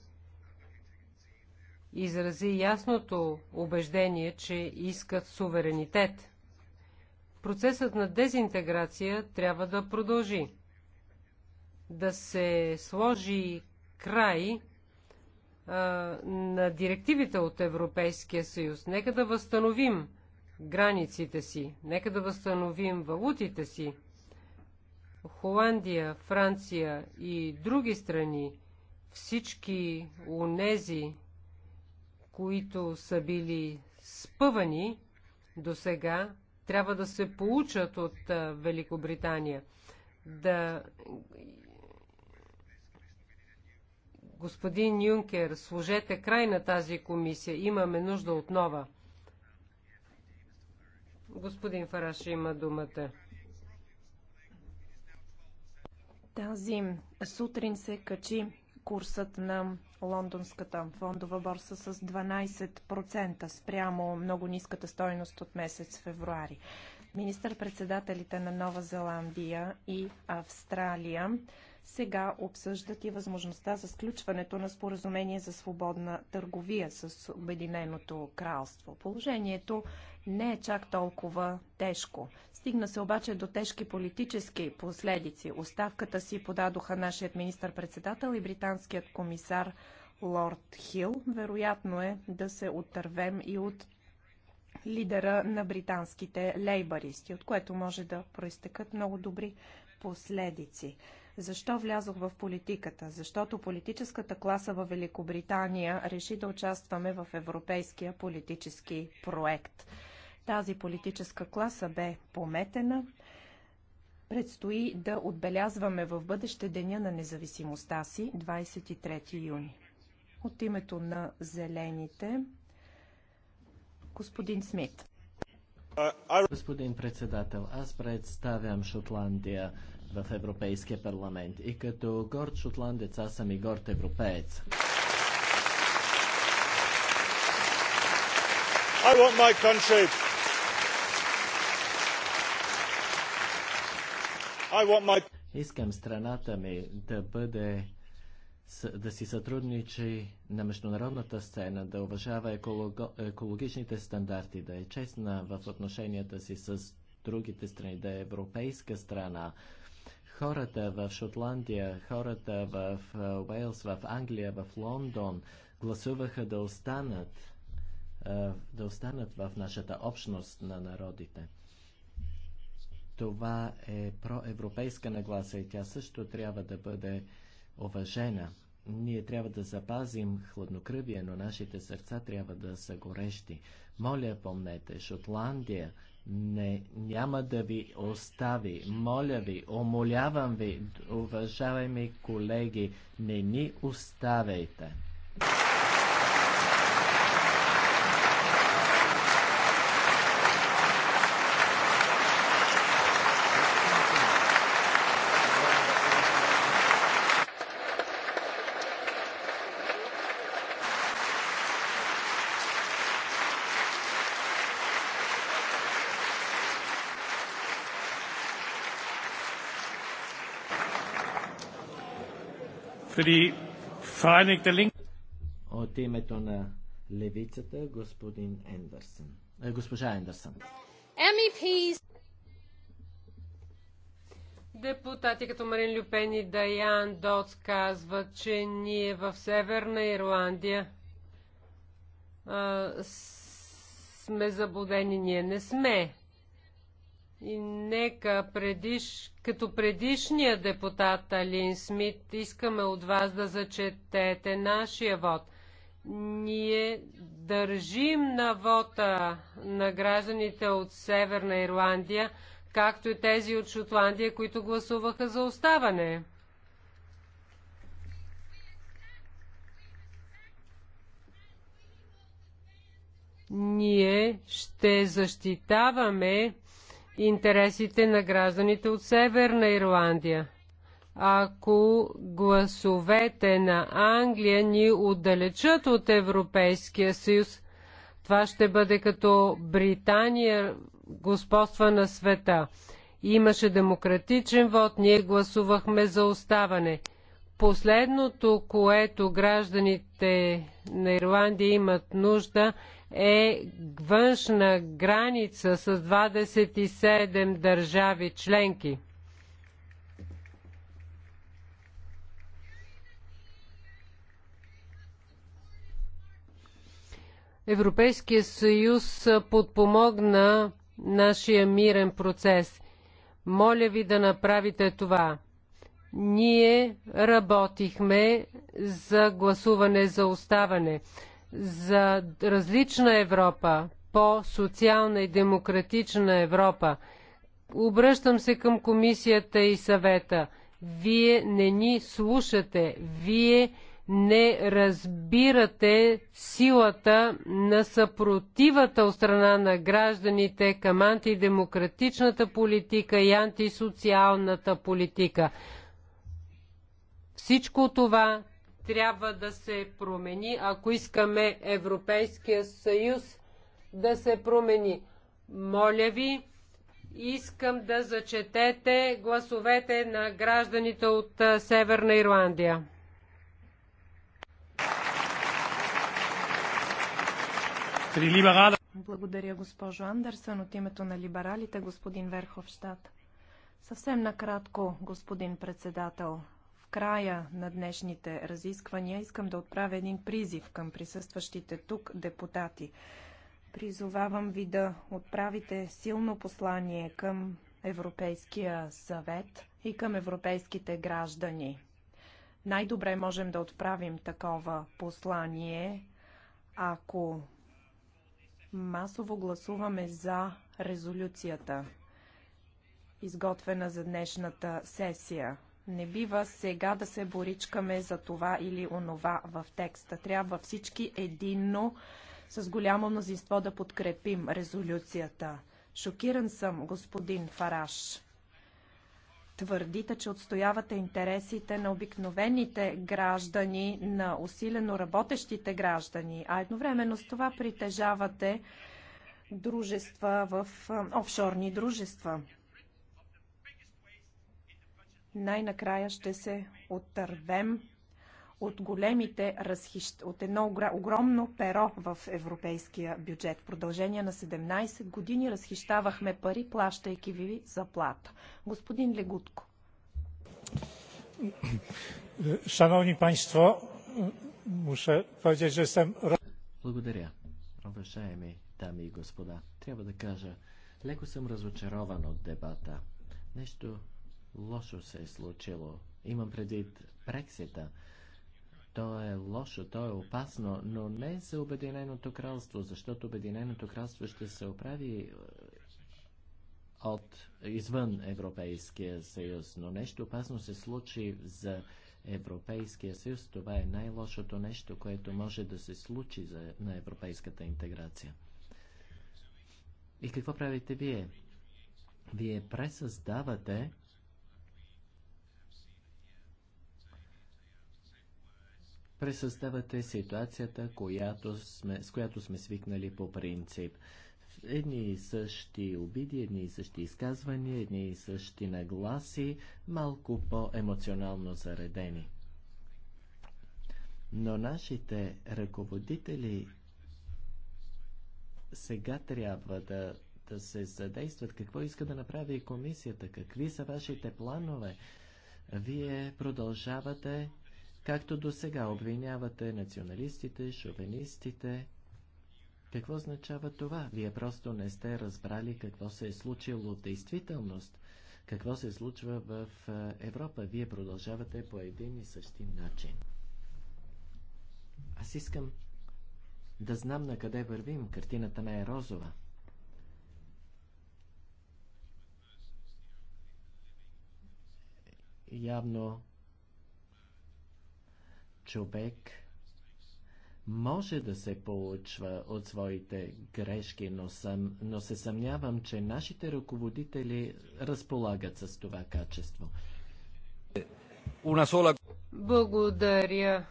изрази ясното убеждение, че искат суверенитет. Процесът на дезинтеграция трябва да продължи. Да се сложи край а, на директивите от Европейския съюз. Нека да възстановим границите си, нека да възстановим валутите си. Холандия, Франция и други страни, всички унези, които са били спъвани до сега, трябва да се получат от Великобритания. Да... Господин Юнкер, служете край на тази комисия. Имаме нужда от нова. Господин Фараш има думата. Тази сутрин се качи курсът на лондонската фондова борса с 12% спрямо много ниската стойност от месец февруари. Министър-председателите на Нова Зеландия и Австралия сега обсъждат и възможността за сключването на споразумение за свободна търговия с Обединеното кралство. Положението не е чак толкова тежко. Стигна се обаче до тежки политически последици. Оставката си подадоха нашият министър-председател и британският комисар Лорд Хил. Вероятно е да се отървем и от лидера на британските лейбаристи, от което може да проистекат много добри последици. Защо влязох в политиката? Защото политическата класа във Великобритания реши да участваме в европейския политически проект. Тази политическа класа бе пометена. Предстои да отбелязваме в бъдеще деня на независимостта си, 23 юни. От името на Зелените, господин Смит. Господин председател, аз представям Шотландия в Европейския парламент. И като горд шотландец, аз съм и горд европеец. I want my country. I want my... Искам страната ми да бъде да си сътрудничи на международната сцена, да уважава еколого, екологичните стандарти, да е честна в отношенията си с другите страни, да е европейска страна, Хората в Шотландия, хората в Уейлс, в Англия, в Лондон гласуваха да останат, да останат в нашата общност на народите. Това е проевропейска нагласа и тя също трябва да бъде уважена. Ние трябва да запазим хладнокръвие, но нашите сърца трябва да са горещи. Моля, помнете, Шотландия не, няма да ви остави. Моля ви, умолявам ви, уважаеми колеги, не ни оставяйте. Vereinigte Linke. От името на левицата господин Ендерсън. Е, госпожа Ендерсън. MEPs. Депутати като Марин Люпен и Даян Доц казват, че ние в Северна Ирландия а, сме заблудени. Ние не сме. И нека предиш, като предишния депутат Алин Смит искаме от вас да зачетете нашия вод. Ние държим на вота на гражданите от Северна Ирландия, както и тези от Шотландия, които гласуваха за оставане. Ние ще защитаваме интересите на гражданите от Северна Ирландия. Ако гласовете на Англия ни отдалечат от Европейския съюз, това ще бъде като Британия господства на света. Имаше демократичен вод, ние гласувахме за оставане – Последното, което гражданите на Ирландия имат нужда е външна граница с 27 държави членки. Европейския съюз подпомогна нашия мирен процес. Моля ви да направите това. Ние работихме за гласуване за оставане, за различна Европа, по-социална и демократична Европа. Обръщам се към комисията и съвета. Вие не ни слушате. Вие не разбирате силата на съпротивата от страна на гражданите към антидемократичната политика и антисоциалната политика. Всичко това трябва да се промени, ако искаме Европейския съюз да се промени. Моля ви, искам да зачетете гласовете на гражданите от Северна Ирландия. Благодаря, госпожо Андерсън. От името на либералите, господин Верховщад. Съвсем накратко, господин председател края на днешните разисквания искам да отправя един призив към присъстващите тук депутати. Призовавам ви да отправите силно послание към Европейския съвет и към европейските граждани. Най-добре можем да отправим такова послание, ако масово гласуваме за резолюцията, изготвена за днешната сесия. Не бива сега да се боричкаме за това или онова в текста. Трябва всички единно с голямо мнозинство да подкрепим резолюцията. Шокиран съм, господин Фараш. Твърдите, че отстоявате интересите на обикновените граждани, на усилено работещите граждани, а едновременно с това притежавате дружества в офшорни дружества най-накрая ще се отървем от големите разхищ... от едно огромно перо в европейския бюджет. В продължение на 17 години разхищавахме пари, плащайки ви заплата. Господин Легутко. Шановни панство, муша пъде, че съм... Благодаря. Уважаеми дами и господа, трябва да кажа, леко съм разочарован от дебата. Нещо лошо се е случило. Имам предвид Брексита. То е лошо, то е опасно, но не за Обединеното кралство, защото Обединеното кралство ще се оправи е, от извън Европейския съюз. Но нещо опасно се случи за Европейския съюз. Това е най-лошото нещо, което може да се случи за, на европейската интеграция. И какво правите вие? Вие пресъздавате пресъздавате ситуацията, която сме, с която сме свикнали по принцип. Едни и същи обиди, едни и същи изказвания, едни и същи нагласи, малко по-емоционално заредени. Но нашите ръководители сега трябва да, да се задействат. Какво иска да направи комисията? Какви са вашите планове? Вие продължавате Както до сега обвинявате националистите, шовенистите. Какво означава това? Вие просто не сте разбрали какво се е случило в действителност. Какво се случва в Европа? Вие продължавате по един и същи начин. Аз искам да знам на къде вървим. Картината не е розова. Явно човек може да се получва от своите грешки, но, съм, но се съмнявам, че нашите ръководители разполагат с това качество. Благодаря.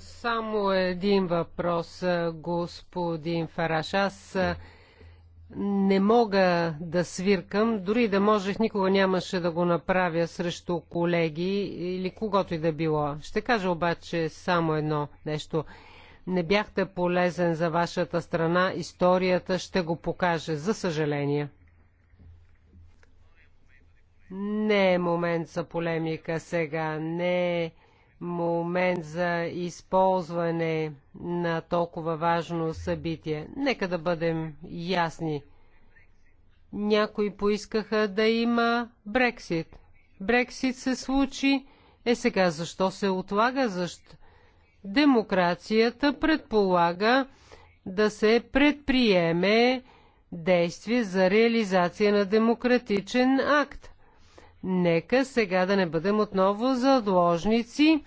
Само един въпрос, господин Фараш. Аз не мога да свиркам, дори да можех, никога нямаше да го направя срещу колеги или когото и да било. Ще кажа обаче само едно нещо. Не бяхте полезен за вашата страна, историята ще го покаже, за съжаление. Не е момент за полемика сега, не е момент за използване на толкова важно събитие. Нека да бъдем ясни. Някои поискаха да има Брексит. Брексит се случи. Е сега защо се отлага? Защо? Демокрацията предполага да се предприеме действие за реализация на демократичен акт. Нека сега да не бъдем отново задложници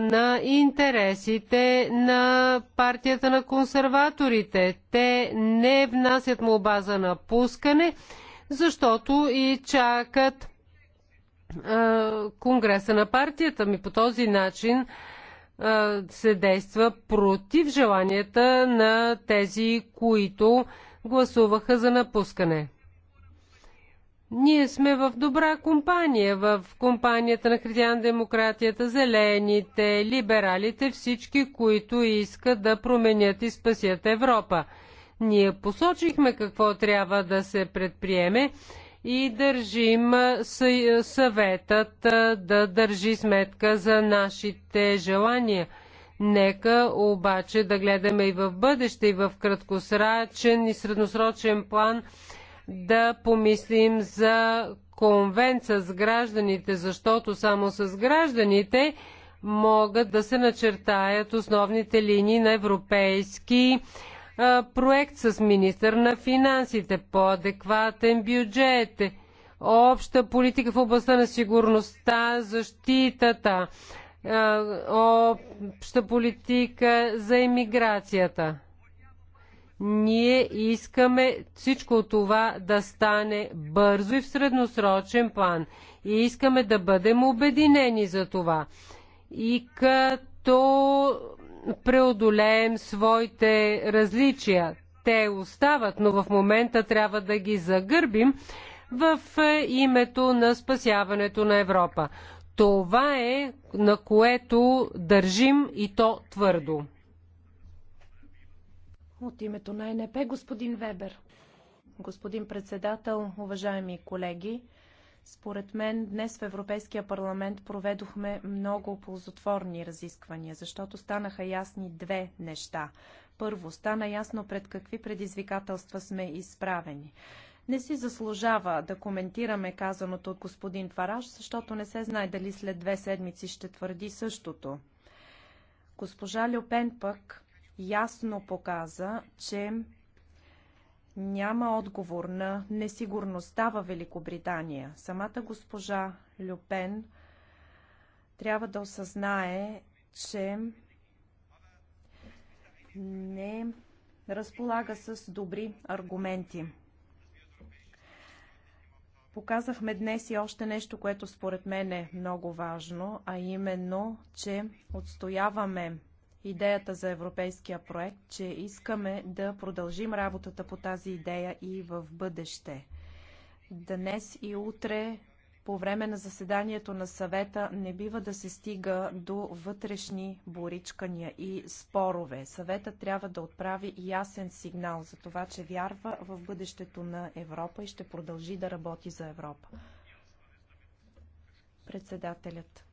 на интересите на партията на консерваторите. Те не внасят база за напускане, защото и чакат конгреса на партията ми. По този начин се действа против желанията на тези, които гласуваха за напускане. Ние сме в добра компания, в компанията на Християн Демократията, зелените, либералите, всички, които искат да променят и спасят Европа. Ние посочихме какво трябва да се предприеме и държим съветът да държи сметка за нашите желания. Нека обаче да гледаме и в бъдеще, и в краткосрачен и средносрочен план – да помислим за конвент с гражданите, защото само с гражданите могат да се начертаят основните линии на европейски проект с министър на финансите, по-адекватен бюджет, обща политика в областта на сигурността, защитата, обща политика за иммиграцията. Ние искаме всичко това да стане бързо и в средносрочен план. И искаме да бъдем обединени за това. И като преодолеем своите различия, те остават, но в момента трябва да ги загърбим в е, името на спасяването на Европа. Това е на което държим и то твърдо. От името на НП господин Вебер. Господин председател, уважаеми колеги, според мен днес в Европейския парламент проведохме много ползотворни разисквания, защото станаха ясни две неща. Първо, стана ясно пред какви предизвикателства сме изправени. Не си заслужава да коментираме казаното от господин Фараш, защото не се знае дали след две седмици ще твърди същото. Госпожа Люпен пък ясно показа, че няма отговор на несигурността във Великобритания. Самата госпожа Люпен трябва да осъзнае, че не разполага с добри аргументи. Показахме днес и още нещо, което според мен е много важно, а именно, че отстояваме идеята за европейския проект, че искаме да продължим работата по тази идея и в бъдеще. Днес и утре по време на заседанието на съвета не бива да се стига до вътрешни боричкания и спорове. Съвета трябва да отправи ясен сигнал за това, че вярва в бъдещето на Европа и ще продължи да работи за Европа. Председателят